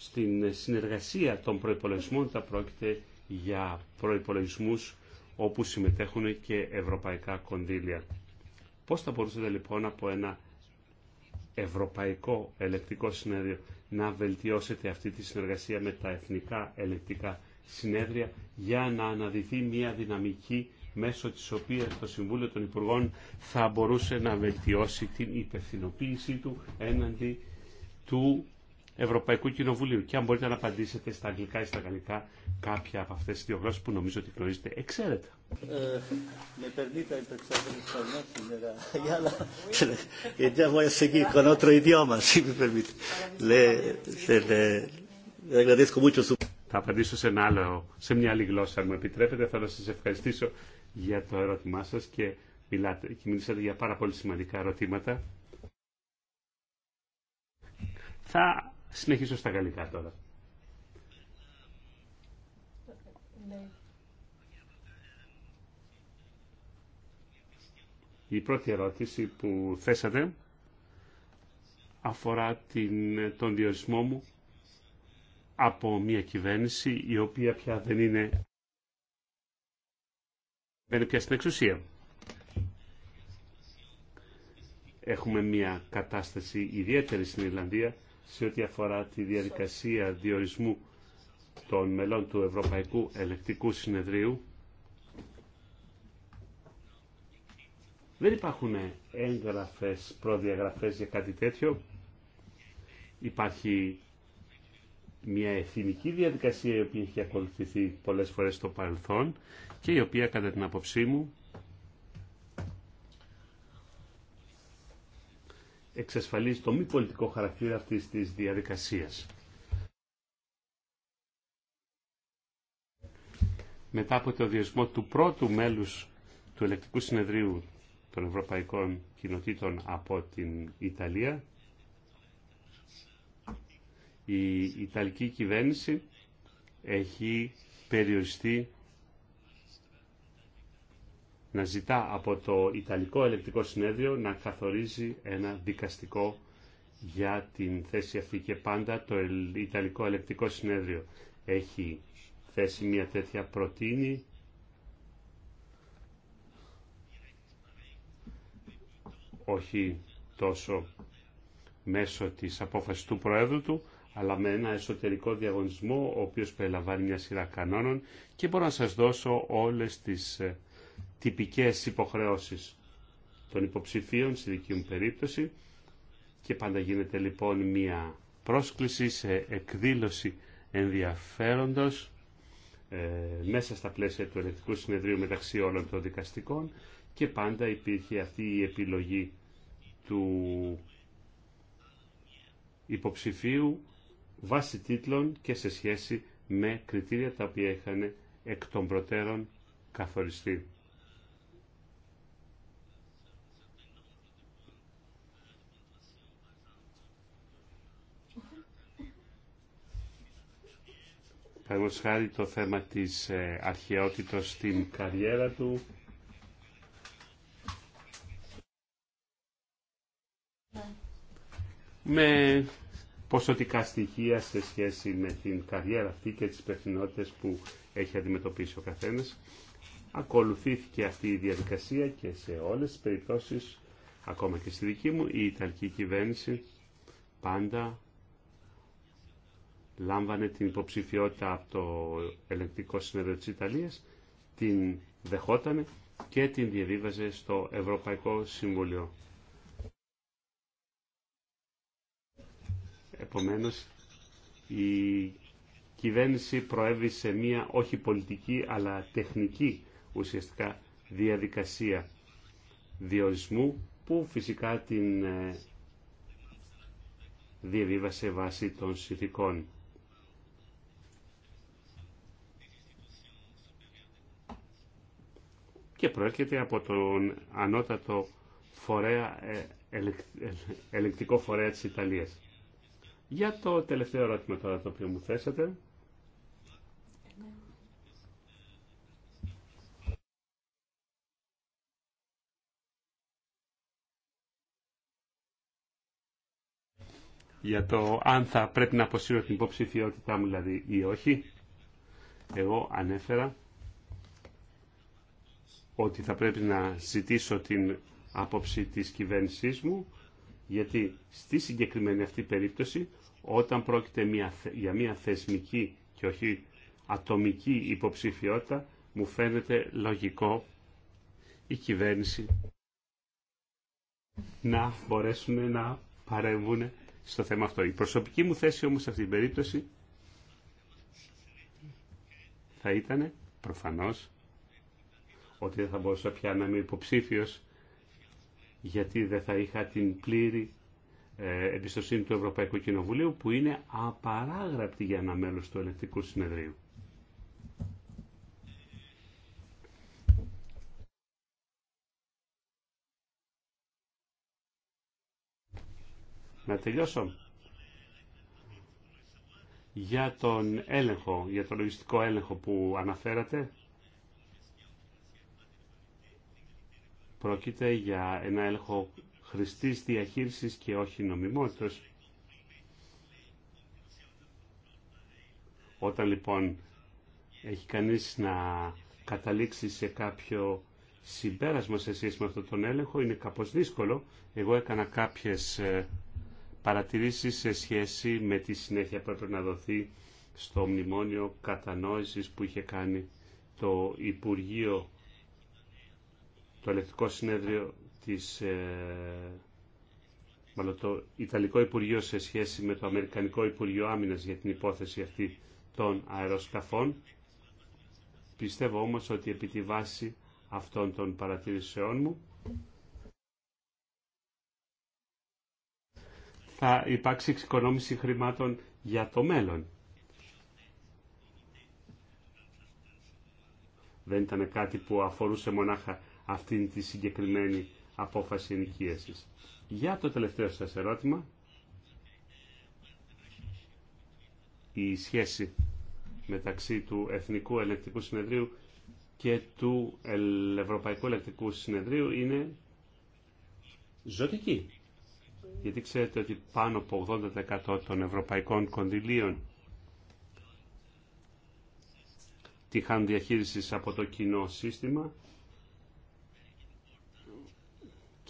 στην συνεργασία των προϋπολογισμών θα πρόκειται για προϋπολογισμούς όπου συμμετέχουν και ευρωπαϊκά κονδύλια. Πώς θα μπορούσατε λοιπόν από ένα ευρωπαϊκό ελεκτικό συνέδριο να βελτιώσετε αυτή τη συνεργασία με τα εθνικά ελεκτικά συνέδρια για να αναδυθεί μια δυναμική μέσω της οποίας το Συμβούλιο των Υπουργών θα μπορούσε να βελτιώσει την υπευθυνοποίησή του έναντι του Ευρωπαϊκού Κοινοβουλίου. Και αν μπορείτε να απαντήσετε στα αγγλικά ή στα γαλλικά κάποια από αυτέ τι δύο γλωσσε που νομίζω ότι γνωρίζετε εξαίρετα. *laughs* Θα απαντήσω σε, ένα άλλο, σε μια άλλη γλώσσα, αν μου επιτρέπετε. Θέλω να σα ευχαριστήσω για το ερώτημά σα και μιλάτε και μιλήσατε για πάρα πολύ σημαντικά ερωτήματα. Θα Συνεχίζω στα γαλλικά τώρα. Η πρώτη ερώτηση που θέσατε αφορά την, τον διορισμό μου από μια κυβέρνηση η οποία πια δεν είναι, δεν είναι πια στην εξουσία. Έχουμε μια κατάσταση ιδιαίτερη στην Ιρλανδία σε ό,τι αφορά τη διαδικασία διορισμού των μελών του Ευρωπαϊκού Ελεκτικού Συνεδρίου. Δεν υπάρχουν έγγραφες, προδιαγραφές για κάτι τέτοιο. Υπάρχει μια εθνική διαδικασία η οποία έχει ακολουθηθεί πολλές φορές στο παρελθόν και η οποία κατά την απόψή μου εξασφαλίζει το μη πολιτικό χαρακτήρα αυτής της διαδικασίας. Μετά από το διορισμό του πρώτου μέλους του Ελεκτικού Συνεδρίου των Ευρωπαϊκών Κοινοτήτων από την Ιταλία, η Ιταλική κυβέρνηση έχει περιοριστεί να ζητά από το Ιταλικό Ελεκτικό Συνέδριο να καθορίζει ένα δικαστικό για την θέση αυτή και πάντα το Ιταλικό Ελεκτικό Συνέδριο έχει θέσει μια τέτοια προτείνη όχι τόσο μέσω της απόφασης του Προέδρου του, αλλά με ένα εσωτερικό διαγωνισμό, ο οποίος περιλαμβάνει μια σειρά κανόνων και μπορώ να σας δώσω όλες τις ε, τυπικές υποχρεώσεις των υποψηφίων στη δική μου περίπτωση και πάντα γίνεται λοιπόν μια πρόσκληση σε εκδήλωση ενδιαφέροντος ε, μέσα στα πλαίσια του ελεκτικού συνεδρίου μεταξύ όλων των δικαστικών και πάντα υπήρχε αυτή η επιλογή του υποψηφίου βάσει τίτλων και σε σχέση με κριτήρια τα οποία είχαν εκ των προτέρων καθοριστεί. παραδείγματος χάρη το θέμα της ε, αρχαιότητος στην καριέρα του. Με ποσοτικά στοιχεία σε σχέση με την καριέρα αυτή και τις υπευθυνότητες που έχει αντιμετωπίσει ο καθένας. Ακολουθήθηκε αυτή η διαδικασία και σε όλες τις περιπτώσεις, ακόμα και στη δική μου, η Ιταλική κυβέρνηση πάντα λάμβανε την υποψηφιότητα από το ελεκτικό συνέδριο της Ιταλίας, την δεχότανε και την διαβίβαζε στο Ευρωπαϊκό Συμβουλίο. Επομένως, η κυβέρνηση προέβη σε μία όχι πολιτική αλλά τεχνική ουσιαστικά διαδικασία διορισμού που φυσικά την ε, διαβίβασε βάσει των συνθηκών. και προέρχεται από τον ανώτατο φορέα, ε, ε, ελεκτικό φορέα της Ιταλίας. Για το τελευταίο ερώτημα τώρα το οποίο μου θέσατε. για το αν θα πρέπει να αποσύρω την υποψηφιότητά μου δηλαδή ή όχι. Εγώ ανέφερα ότι θα πρέπει να ζητήσω την άποψη της κυβέρνησής μου, γιατί στη συγκεκριμένη αυτή περίπτωση, όταν πρόκειται μια, για μια θεσμική και όχι ατομική υποψηφιότητα, μου φαίνεται λογικό η κυβέρνηση να μπορέσουν να παρεμβούν στο θέμα αυτό. Η προσωπική μου θέση όμως σε αυτή την περίπτωση θα ήταν προφανώς ότι δεν θα μπορούσα πια να είμαι υποψήφιο, γιατί δεν θα είχα την πλήρη ε, εμπιστοσύνη του Ευρωπαϊκού Κοινοβουλίου που είναι απαράγραπτη για ένα μέλος του Ελεκτικού Συνεδρίου. Να τελειώσω. Για τον έλεγχο, για το λογιστικό έλεγχο που αναφέρατε, Πρόκειται για ένα έλεγχο χρηστής διαχείρισης και όχι νομιμότητας. Όταν λοιπόν έχει κανείς να καταλήξει σε κάποιο συμπέρασμα σε σχέση με αυτόν τον έλεγχο είναι κάπως δύσκολο. Εγώ έκανα κάποιες ε, παρατηρήσεις σε σχέση με τη συνέχεια που έπρεπε να δοθεί στο μνημόνιο κατανόησης που είχε κάνει το Υπουργείο το ελεκτικό συνέδριο της, ε, μάλλον το Ιταλικό Υπουργείο σε σχέση με το Αμερικανικό Υπουργείο Άμυνας για την υπόθεση αυτή των αεροσκαφών. Πιστεύω όμως ότι επί τη βάση αυτών των παρατηρήσεών μου θα υπάρξει εξοικονόμηση χρημάτων για το μέλλον. Δεν ήταν κάτι που αφορούσε μονάχα αυτήν τη συγκεκριμένη απόφαση ενοικίασης. Για το τελευταίο σας ερώτημα, η σχέση μεταξύ του Εθνικού Ελεκτικού Συνεδρίου και του Ευρωπαϊκού Ελεκτικού Συνεδρίου είναι ζωτική. Γιατί ξέρετε ότι πάνω από 80% των ευρωπαϊκών κονδυλίων τη χάνουν διαχείριση από το κοινό σύστημα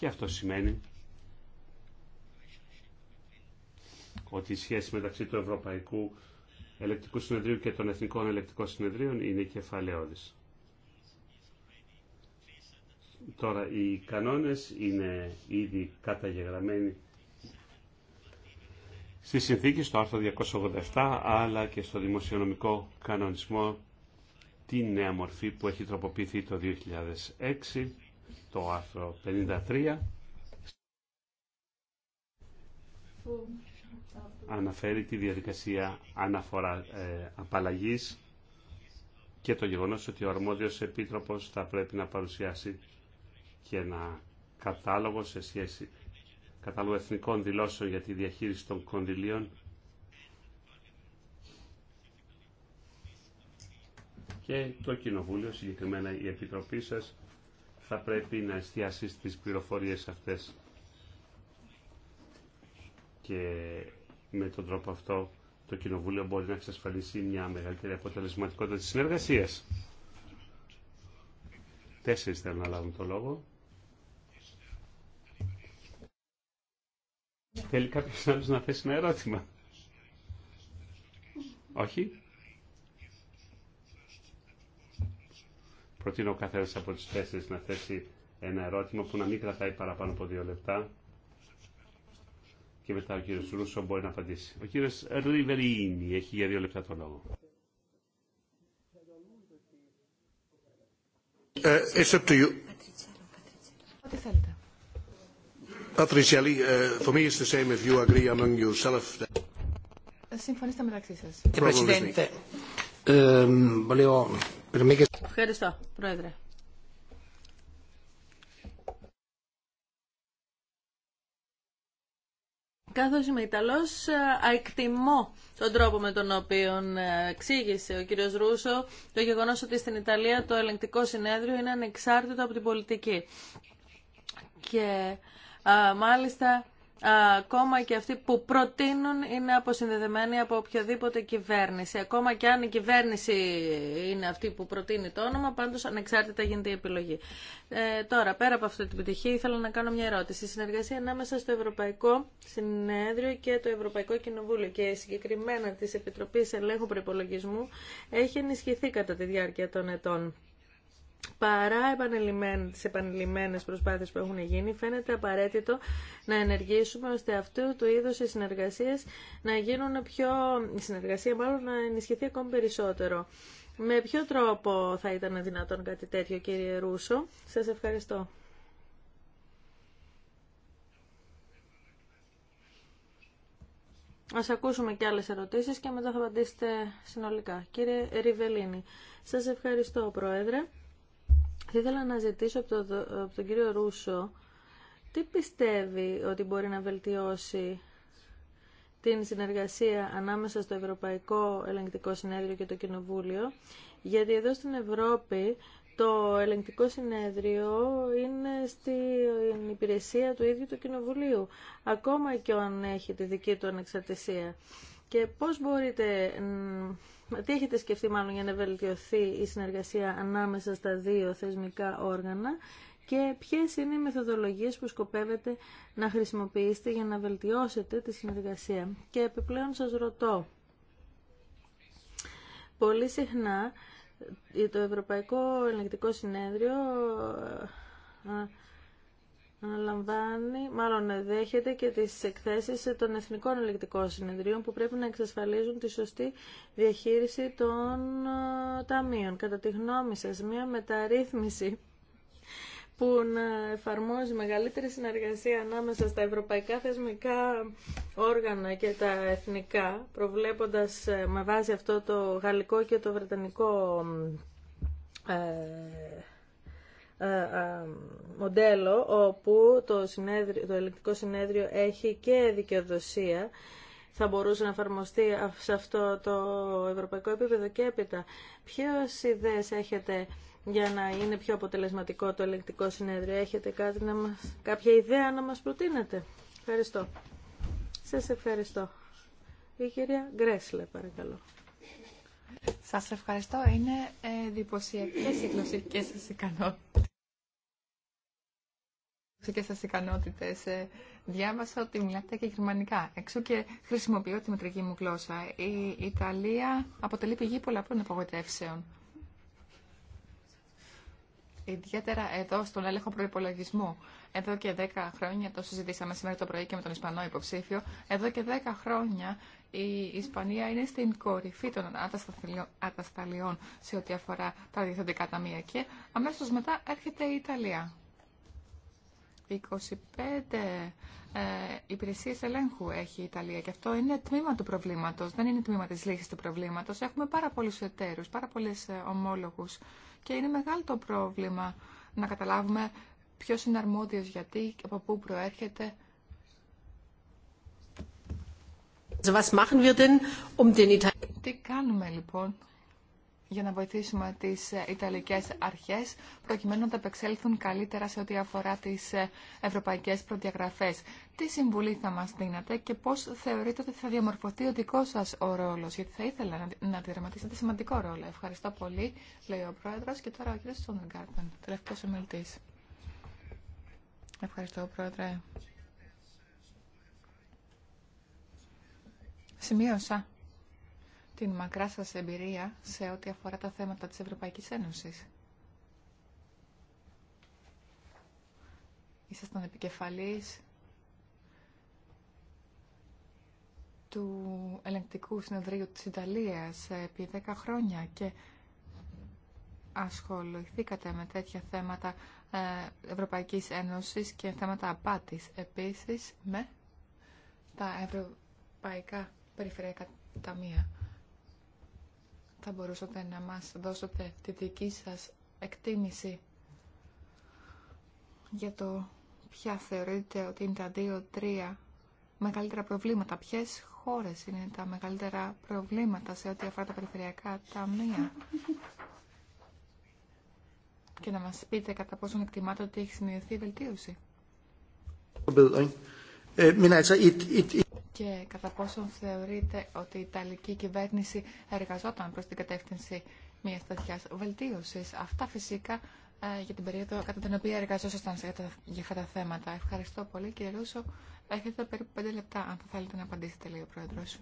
και αυτό σημαίνει ότι η σχέση μεταξύ του Ευρωπαϊκού Ελεκτικού Συνεδρίου και των Εθνικών Ελεκτικών Συνεδρίων είναι κεφαλαίωδης. Τώρα, οι κανόνες είναι ήδη καταγεγραμμένοι στη συνθήκη στο άρθρο 287 αλλά και στο δημοσιονομικό κανονισμό τη νέα μορφή που έχει τροποποιηθεί το 2006 το άρθρο 53 αναφέρει τη διαδικασία αναφορά ε, απαλλαγής και το γεγονός ότι ο αρμόδιος επίτροπος θα πρέπει να παρουσιάσει και ένα κατάλογο σε σχέση κατάλογο εθνικών δηλώσεων για τη διαχείριση των κονδυλίων και το Κοινοβούλιο, συγκεκριμένα η Επιτροπή σας, θα πρέπει να εστιάσεις τις πληροφορίες αυτές. Και με τον τρόπο αυτό το Κοινοβούλιο μπορεί να εξασφαλίσει μια μεγαλύτερη αποτελεσματικότητα της συνεργασίας. Τέσσερις θέλουν να λάβουν το λόγο. Θέλει κάποιος άλλος να θέσει ένα ερώτημα. Όχι. Προτείνω ο καθένα από τις τέσσερι να θέσει ένα ερώτημα που να μην κρατάει παραπάνω από δύο λεπτά. Και μετά ο κύριο Ρούσο μπορεί να απαντήσει. Ο κύριο Ριβερίνη έχει για δύο λεπτά το λόγο. Ε, it's to you. Ό,τι Συμφωνήστε μεταξύ σας. Ε, Ευχαριστώ, Πρόεδρε. Καθώς είμαι Ιταλός, αεκτιμώ τον τρόπο με τον οποίο ε, εξήγησε ο κύριος Ρούσο το γεγονός ότι στην Ιταλία το ελεγκτικό συνέδριο είναι ανεξάρτητο από την πολιτική. Και μάλιστα ακόμα και αυτοί που προτείνουν είναι αποσυνδεδεμένοι από οποιαδήποτε κυβέρνηση. Ακόμα και αν η κυβέρνηση είναι αυτή που προτείνει το όνομα, πάντως ανεξάρτητα γίνεται η επιλογή. Ε, τώρα, πέρα από αυτή την επιτυχία, ήθελα να κάνω μια ερώτηση. Η συνεργασία ανάμεσα στο Ευρωπαϊκό Συνέδριο και το Ευρωπαϊκό Κοινοβούλιο και συγκεκριμένα της Επιτροπής Ελέγχου Προπολογισμού έχει ενισχυθεί κατά τη διάρκεια των ετών παρά τις επανειλημμένες προσπάθειες που έχουν γίνει, φαίνεται απαραίτητο να ενεργήσουμε ώστε αυτού του είδους οι συνεργασίες να γίνουν πιο... η συνεργασία μάλλον να ενισχυθεί ακόμη περισσότερο. Με ποιο τρόπο θα ήταν δυνατόν κάτι τέτοιο, κύριε Ρούσο. Σας ευχαριστώ. Ας ακούσουμε και άλλες ερωτήσεις και μετά θα απαντήσετε συνολικά. Κύριε Ριβελίνη, σας ευχαριστώ, Πρόεδρε. Θα ήθελα να ζητήσω από, τον κύριο Ρούσο τι πιστεύει ότι μπορεί να βελτιώσει την συνεργασία ανάμεσα στο Ευρωπαϊκό Ελεγκτικό Συνέδριο και το Κοινοβούλιο, γιατί εδώ στην Ευρώπη το ελεγκτικό συνέδριο είναι στην υπηρεσία του ίδιου του Κοινοβουλίου, ακόμα και αν έχει τη δική του ανεξαρτησία. Και πώς μπορείτε τι έχετε σκεφτεί μάλλον για να βελτιωθεί η συνεργασία ανάμεσα στα δύο θεσμικά όργανα και ποιες είναι οι μεθοδολογίες που σκοπεύετε να χρησιμοποιήσετε για να βελτιώσετε τη συνεργασία. Και επιπλέον σας ρωτώ, πολύ συχνά ε, το Ευρωπαϊκό Ελεγκτικό Συνέδριο ε, αναλαμβάνει, μάλλον δέχεται και τις εκθέσεις των Εθνικών Ελεκτικών Συνεδρίων που πρέπει να εξασφαλίζουν τη σωστή διαχείριση των ε, ταμείων. Κατά τη γνώμη σας, μια μεταρρύθμιση που να εφαρμόζει μεγαλύτερη συνεργασία ανάμεσα στα ευρωπαϊκά θεσμικά όργανα και τα εθνικά, προβλέποντας ε, με βάση αυτό το γαλλικό και το βρετανικό ε, ε, ε, μοντέλο όπου το, συνέδριο, το ελεκτικό συνέδριο έχει και δικαιοδοσία θα μπορούσε να εφαρμοστεί σε αυτό το ευρωπαϊκό επίπεδο και έπειτα. Ποιες ιδέες έχετε για να είναι πιο αποτελεσματικό το ελεκτικό συνέδριο. Έχετε κάτι να μας, κάποια ιδέα να μας προτείνετε. Ευχαριστώ. Σας ευχαριστώ. Η κυρία Γκρέσλε, παρακαλώ. Σας ευχαριστώ. Είναι ε, εντυπωσιακές οι γλωσσικές σας ικανότητες και σας ικανότητες. Ε, διάβασα ότι μιλάτε και γερμανικά. Εξού και χρησιμοποιώ τη μετρική μου γλώσσα. Η Ιταλία αποτελεί πηγή πολλαπλών απογοητεύσεων. Ιδιαίτερα εδώ στον έλεγχο προπολογισμού. Εδώ και 10 χρόνια, το συζητήσαμε σήμερα το πρωί και με τον Ισπανό υποψήφιο, εδώ και 10 χρόνια η Ισπανία είναι στην κορυφή των ατασταλιών σε ό,τι αφορά τα διεθντικά ταμεία και αμέσως μετά έρχεται η Ιταλία. 25 ε, υπηρεσίε ελέγχου έχει η Ιταλία και αυτό είναι τμήμα του προβλήματο. Δεν είναι τμήμα τη λύση του προβλήματο. Έχουμε πάρα πολλού εταίρου, πάρα πολλέ ε, ομόλογου και είναι μεγάλο το πρόβλημα να καταλάβουμε ποιο είναι αρμόδιο γιατί, από πού προέρχεται. Um Τι κάνουμε λοιπόν για να βοηθήσουμε τις ε, Ιταλικές αρχές προκειμένου να τα επεξέλθουν καλύτερα σε ό,τι αφορά τις ε, ευρωπαϊκές προδιαγραφές. Τι συμβουλή θα μας δίνατε και πώς θεωρείτε ότι θα διαμορφωθεί ο δικός σας ο ρόλος, γιατί θα ήθελα να διαδραματίσετε σημαντικό ρόλο. Ευχαριστώ πολύ, λέει ο Πρόεδρος και τώρα ο κ. Σόντεγκάρτεν, τελευταίος ομιλητής. Ευχαριστώ, Πρόεδρε. Σημείωσα την μακρά σας εμπειρία σε ό,τι αφορά τα θέματα της Ευρωπαϊκής Ένωσης. Ήσασταν επικεφαλής του ελεγκτικού συνεδρίου της Ιταλίας επί 10 χρόνια και ασχοληθήκατε με τέτοια θέματα ε, Ευρωπαϊκής Ένωσης και θέματα απάτης επίσης με τα ευρωπαϊκά περιφερειακά ταμεία θα μπορούσατε να μας δώσετε τη δική σας εκτίμηση για το ποια θεωρείτε ότι είναι τα δύο-τρία μεγαλύτερα προβλήματα. Ποιες χώρες είναι τα μεγαλύτερα προβλήματα σε ό,τι αφορά τα περιφερειακά ταμεία. Και να μας πείτε κατά πόσον εκτιμάτε ότι έχει σημειωθεί η βελτίωση και κατά πόσον θεωρείτε ότι η Ιταλική κυβέρνηση εργαζόταν προς την κατεύθυνση μιας τέτοιας βελτίωσης. Αυτά φυσικά ε, για την περίοδο κατά την οποία εργαζόσασταν για αυτά τα θέματα. Ευχαριστώ πολύ κύριε Ρούσο. Έχετε περίπου πέντε λεπτά αν θα θέλετε να απαντήσετε λίγο ο Πρόεδρος.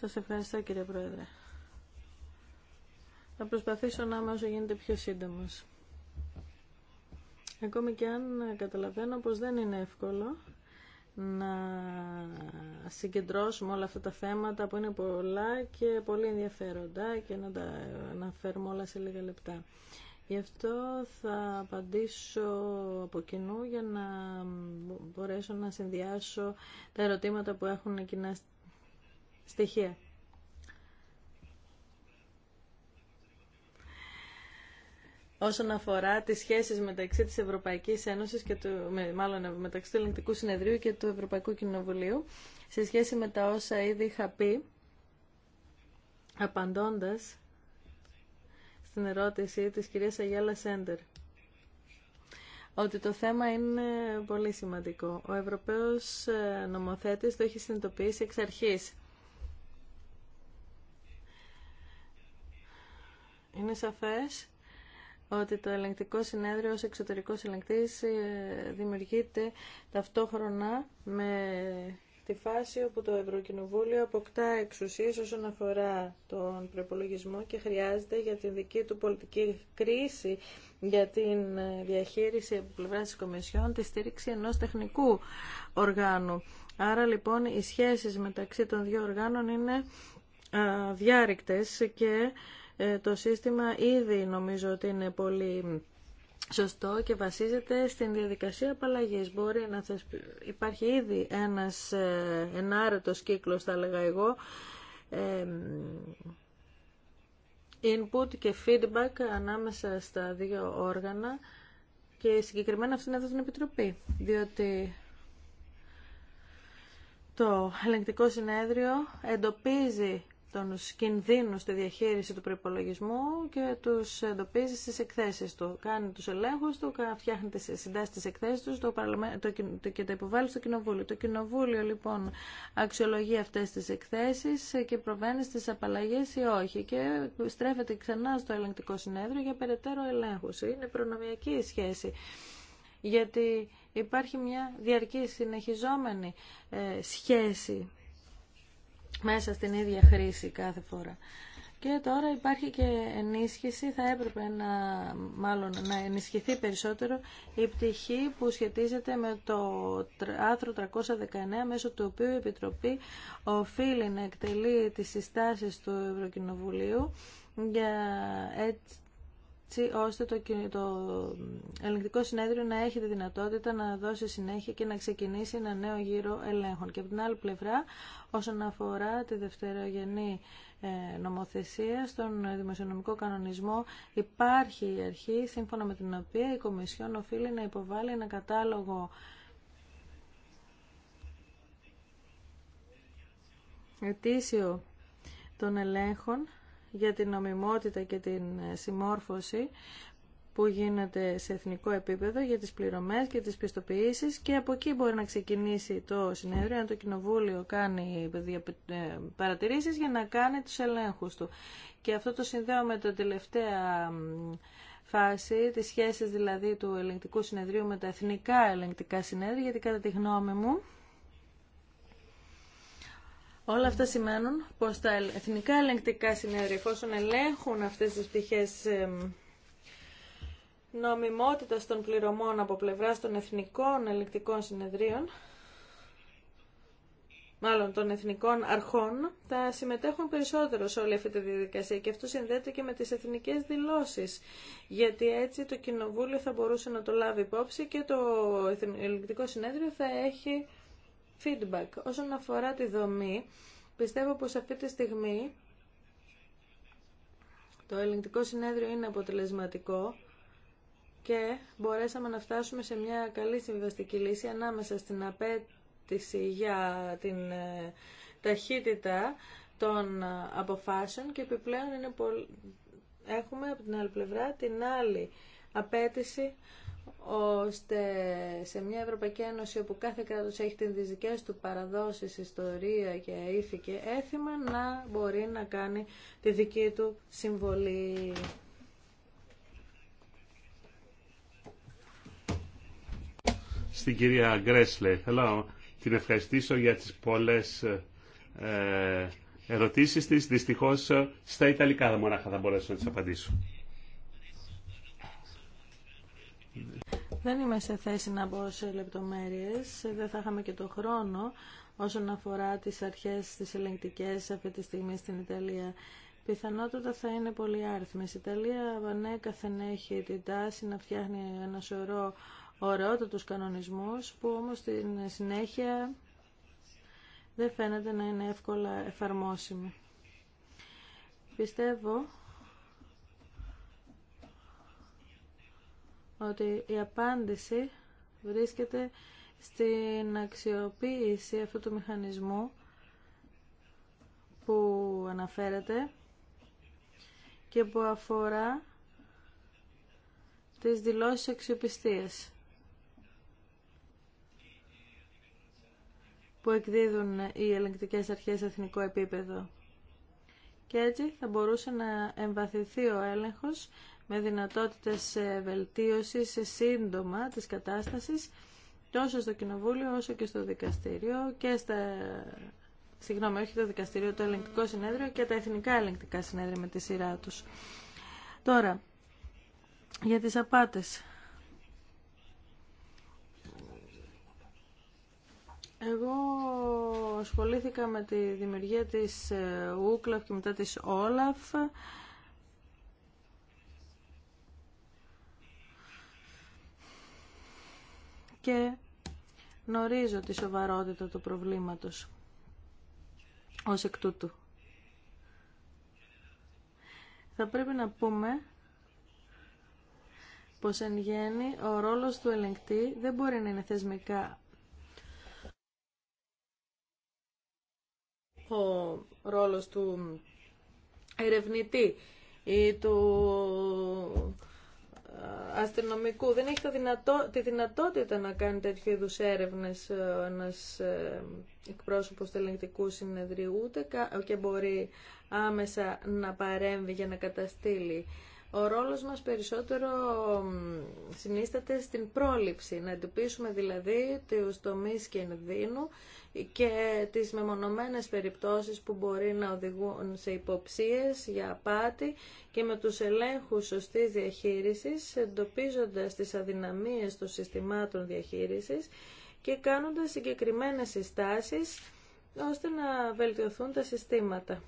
Σας ευχαριστώ κύριε Πρόεδρε. Θα προσπαθήσω να είμαι όσο γίνεται πιο σύντομος. Ακόμη και αν καταλαβαίνω πως δεν είναι εύκολο να συγκεντρώσουμε όλα αυτά τα θέματα που είναι πολλά και πολύ ενδιαφέροντα και να τα αναφέρουμε όλα σε λίγα λεπτά. Γι' αυτό θα απαντήσω από κοινού για να μπορέσω να συνδυάσω τα ερωτήματα που έχουν κοινά στοιχεία. όσον αφορά τις σχέσεις μεταξύ της Ευρωπαϊκής Ένωσης και του, μάλλον μεταξύ του Ελληνικού Συνεδρίου και του Ευρωπαϊκού Κοινοβουλίου σε σχέση με τα όσα ήδη είχα πει απαντώντας στην ερώτηση της κυρίας Αγιάλα Σέντερ ότι το θέμα είναι πολύ σημαντικό. Ο Ευρωπαίος ε, νομοθέτης το έχει συνειδητοποιήσει εξ αρχής. Είναι σαφές ότι το ελεγκτικό συνέδριο ως εξωτερικός ελεγκτής ε, δημιουργείται ταυτόχρονα με τη φάση όπου το Ευρωκοινοβούλιο αποκτά εξουσίες όσον αφορά τον προπολογισμό και χρειάζεται για την δική του πολιτική κρίση για την ε, διαχείριση από πλευρά της Κομισιόν τη στήριξη ενός τεχνικού οργάνου. Άρα λοιπόν οι σχέσεις μεταξύ των δύο οργάνων είναι ε, διάρρηκτες και ε, το σύστημα ήδη νομίζω ότι είναι πολύ σωστό και βασίζεται στην διαδικασία απαλλαγή. Μπορεί να Υπάρχει ήδη ένας ε, ενάρετος κύκλος, θα έλεγα εγώ, input και feedback ανάμεσα στα δύο όργανα και συγκεκριμένα αυτήν εδώ την Επιτροπή, διότι το ελεγκτικό συνέδριο εντοπίζει τους κινδύνους στη διαχείριση του προπολογισμού και τους εντοπίζει στις εκθέσεις του. Κάνει τους ελέγχους του, φτιάχνει τις συντάσεις της εκθέσεις του το το, και τα υποβάλλει στο Κοινοβούλιο. Το Κοινοβούλιο λοιπόν αξιολογεί αυτές τις εκθέσεις και προβαίνει στις απαλλαγές ή όχι και στρέφεται ξανά στο ελεγκτικό συνέδριο για περαιτέρω ελέγχους. Είναι προνομιακή η σχέση γιατί υπάρχει μια διαρκή συνεχιζόμενη ε, σχέση μέσα στην ίδια χρήση κάθε φορά. Και τώρα υπάρχει και ενίσχυση, θα έπρεπε να, μάλλον, να ενισχυθεί περισσότερο η πτυχή που σχετίζεται με το άρθρο 319 μέσω του οποίου η Επιτροπή οφείλει να εκτελεί τις συστάσεις του Ευρωκοινοβουλίου για έτσι έτσι ώστε το, το ελεγκτικό συνέδριο να έχει τη δυνατότητα να δώσει συνέχεια και να ξεκινήσει ένα νέο γύρο ελέγχων. Και από την άλλη πλευρά, όσον αφορά τη δευτερογενή ε, νομοθεσία, στον δημοσιονομικό κανονισμό υπάρχει η αρχή σύμφωνα με την οποία η Κομισιόν οφείλει να υποβάλει ένα κατάλογο ετήσιο των ελέγχων για την νομιμότητα και την ε, συμμόρφωση που γίνεται σε εθνικό επίπεδο για τις πληρωμές και τις πιστοποιήσεις και από εκεί μπορεί να ξεκινήσει το συνέδριο αν το κοινοβούλιο κάνει ε, παρατηρήσεις για να κάνει τους ελέγχους του. Και αυτό το συνδέω με την τελευταία φάση, τις σχέσεις δηλαδή του ελεγκτικού συνεδρίου με τα εθνικά ελεγκτικά συνέδρια, γιατί κατά τη γνώμη μου Όλα αυτά σημαίνουν πως τα εθνικά ελεγκτικά συνέδρια, εφόσον ελέγχουν αυτές τις πτυχές νομιμότητας των πληρωμών από πλευράς των εθνικών ελεγκτικών συνεδρίων, μάλλον των εθνικών αρχών, θα συμμετέχουν περισσότερο σε όλη αυτή τη διαδικασία και αυτό συνδέεται και με τις εθνικές δηλώσεις, γιατί έτσι το Κοινοβούλιο θα μπορούσε να το λάβει υπόψη και το Ελεγκτικό Συνέδριο θα έχει feedback. Όσον αφορά τη δομή, πιστεύω πως αυτή τη στιγμή το ελληνικό συνέδριο είναι αποτελεσματικό και μπορέσαμε να φτάσουμε σε μια καλή συμβιβαστική λύση ανάμεσα στην απέτηση για την ε, ταχύτητα των ε, αποφάσεων και επιπλέον είναι έχουμε από την άλλη πλευρά την άλλη απέτηση ώστε σε μια Ευρωπαϊκή Ένωση όπου κάθε κράτος έχει τις δικές του παραδόσεις, ιστορία και ήθη και έθιμα να μπορεί να κάνει τη δική του συμβολή. Στην κυρία Γκρέσλε, θέλω να την ευχαριστήσω για τις πολλές ε, ερωτήσεις της. Δυστυχώς στα Ιταλικά μονάχα θα μπορέσω να τις απαντήσω. Δεν είμαι σε θέση να μπω σε λεπτομέρειες, δεν θα είχαμε και το χρόνο όσον αφορά τις αρχές τις ελεγκτικές αυτή τη στιγμή στην Ιταλία. Πιθανότατα θα είναι πολύ άριθμες. Η Ιταλία ανέκαθεν ναι, έχει την τάση να φτιάχνει ένα σωρό ωραιότατους κανονισμούς που όμως στην συνέχεια δεν φαίνεται να είναι εύκολα εφαρμόσιμη. Πιστεύω ότι η απάντηση βρίσκεται στην αξιοποίηση αυτού του μηχανισμού που αναφέρεται και που αφορά τις δηλώσεις αξιοπιστίας που εκδίδουν οι ελεγκτικές αρχές σε εθνικό επίπεδο. Και έτσι θα μπορούσε να εμβαθυνθεί ο έλεγχος με δυνατότητες βελτίωσης σύντομα της κατάστασης τόσο στο Κοινοβούλιο όσο και στο δικαστήριο και στα... Συγγνώμη, όχι το δικαστήριο, το ελεγκτικό συνέδριο και τα εθνικά ελεγκτικά συνέδρια με τη σειρά τους. Τώρα, για τις απάτες. Εγώ ασχολήθηκα με τη δημιουργία της ε, Ούκλαφ και μετά της Όλαφ και γνωρίζω τη σοβαρότητα του προβλήματος ως εκ τούτου. Θα πρέπει να πούμε πως εν γέννη ο ρόλος του ελεγκτή δεν μπορεί να είναι θεσμικά ο ρόλος του ερευνητή ή του αστυνομικού δεν έχει το δυνατό, τη δυνατότητα να κάνει τέτοιου είδου έρευνε, ε, ένα ε, εκπρόσωπο του συνεδρίου ούτε και μπορεί άμεσα να παρέμβει για να καταστήλει ο ρόλος μας περισσότερο συνίσταται στην πρόληψη, να εντοπίσουμε δηλαδή τους τομείς κινδύνου και τις μεμονωμένες περιπτώσεις που μπορεί να οδηγούν σε υποψίες για απάτη και με τους ελέγχους σωστής διαχείρισης, εντοπίζοντας τις αδυναμίες των συστημάτων διαχείρισης και κάνοντας συγκεκριμένες συστάσεις ώστε να βελτιωθούν τα συστήματα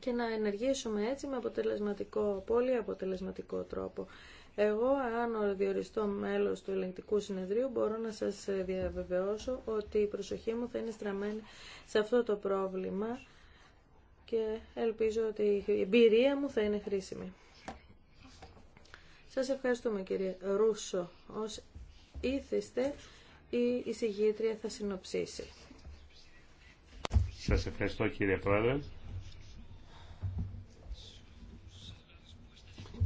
και να ενεργήσουμε έτσι με αποτελεσματικό, πολύ αποτελεσματικό τρόπο. Εγώ, αν διοριστό μέλος του ελεγκτικού συνεδρίου, μπορώ να σας διαβεβαιώσω ότι η προσοχή μου θα είναι στραμμένη σε αυτό το πρόβλημα και ελπίζω ότι η εμπειρία μου θα είναι χρήσιμη. Σας ευχαριστούμε κύριε Ρούσο. Ως ήθεστε, η εισηγήτρια θα συνοψίσει. Σας ευχαριστώ κύριε Πρόεδρε.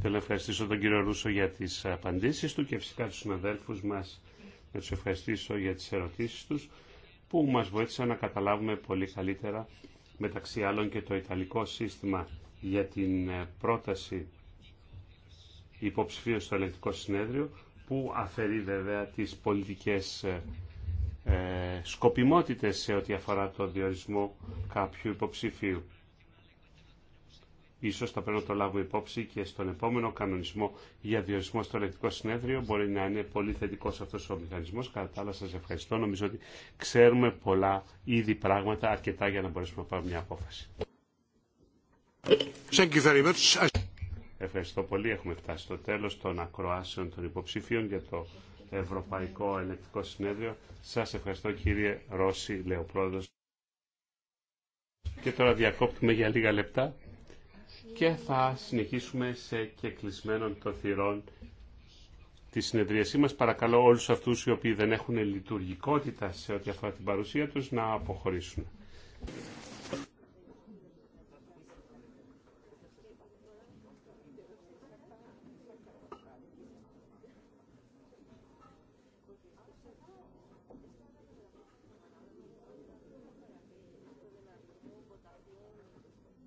Θέλω να ευχαριστήσω τον κύριο Ρούσο για τις απαντήσεις του και φυσικά τους συναδέλφους μας να τους ευχαριστήσω για τις ερωτήσεις τους που μας βοήθησαν να καταλάβουμε πολύ καλύτερα μεταξύ άλλων και το Ιταλικό σύστημα για την ε, πρόταση υποψηφίου στο Ελληνικό συνέδριο που αφαιρεί βέβαια τις πολιτικές ε, ε, σκοπιμότητες σε ό,τι αφορά το διορισμό κάποιου υποψηφίου. Ίσως θα πρέπει να το λάβω υπόψη και στον επόμενο κανονισμό για διορισμό στο ελεκτικό συνέδριο. Μπορεί να είναι πολύ θετικό αυτό ο μηχανισμό. Κατά τα άλλα, σα ευχαριστώ. Νομίζω ότι ξέρουμε πολλά ήδη πράγματα, αρκετά για να μπορέσουμε να πάρουμε μια απόφαση. Ευχαριστώ πολύ. Έχουμε φτάσει στο τέλο των ακροάσεων των υποψηφίων για το Ευρωπαϊκό Ελεκτικό Συνέδριο. Σα ευχαριστώ κύριε Ρώση, λέει Και τώρα διακόπτουμε για λίγα λεπτά και θα συνεχίσουμε σε κεκλεισμένων το θυρών τη συνεδρίασή μας. Παρακαλώ όλους αυτούς οι οποίοι δεν έχουν λειτουργικότητα σε ό,τι αφορά την παρουσία τους να αποχωρήσουν.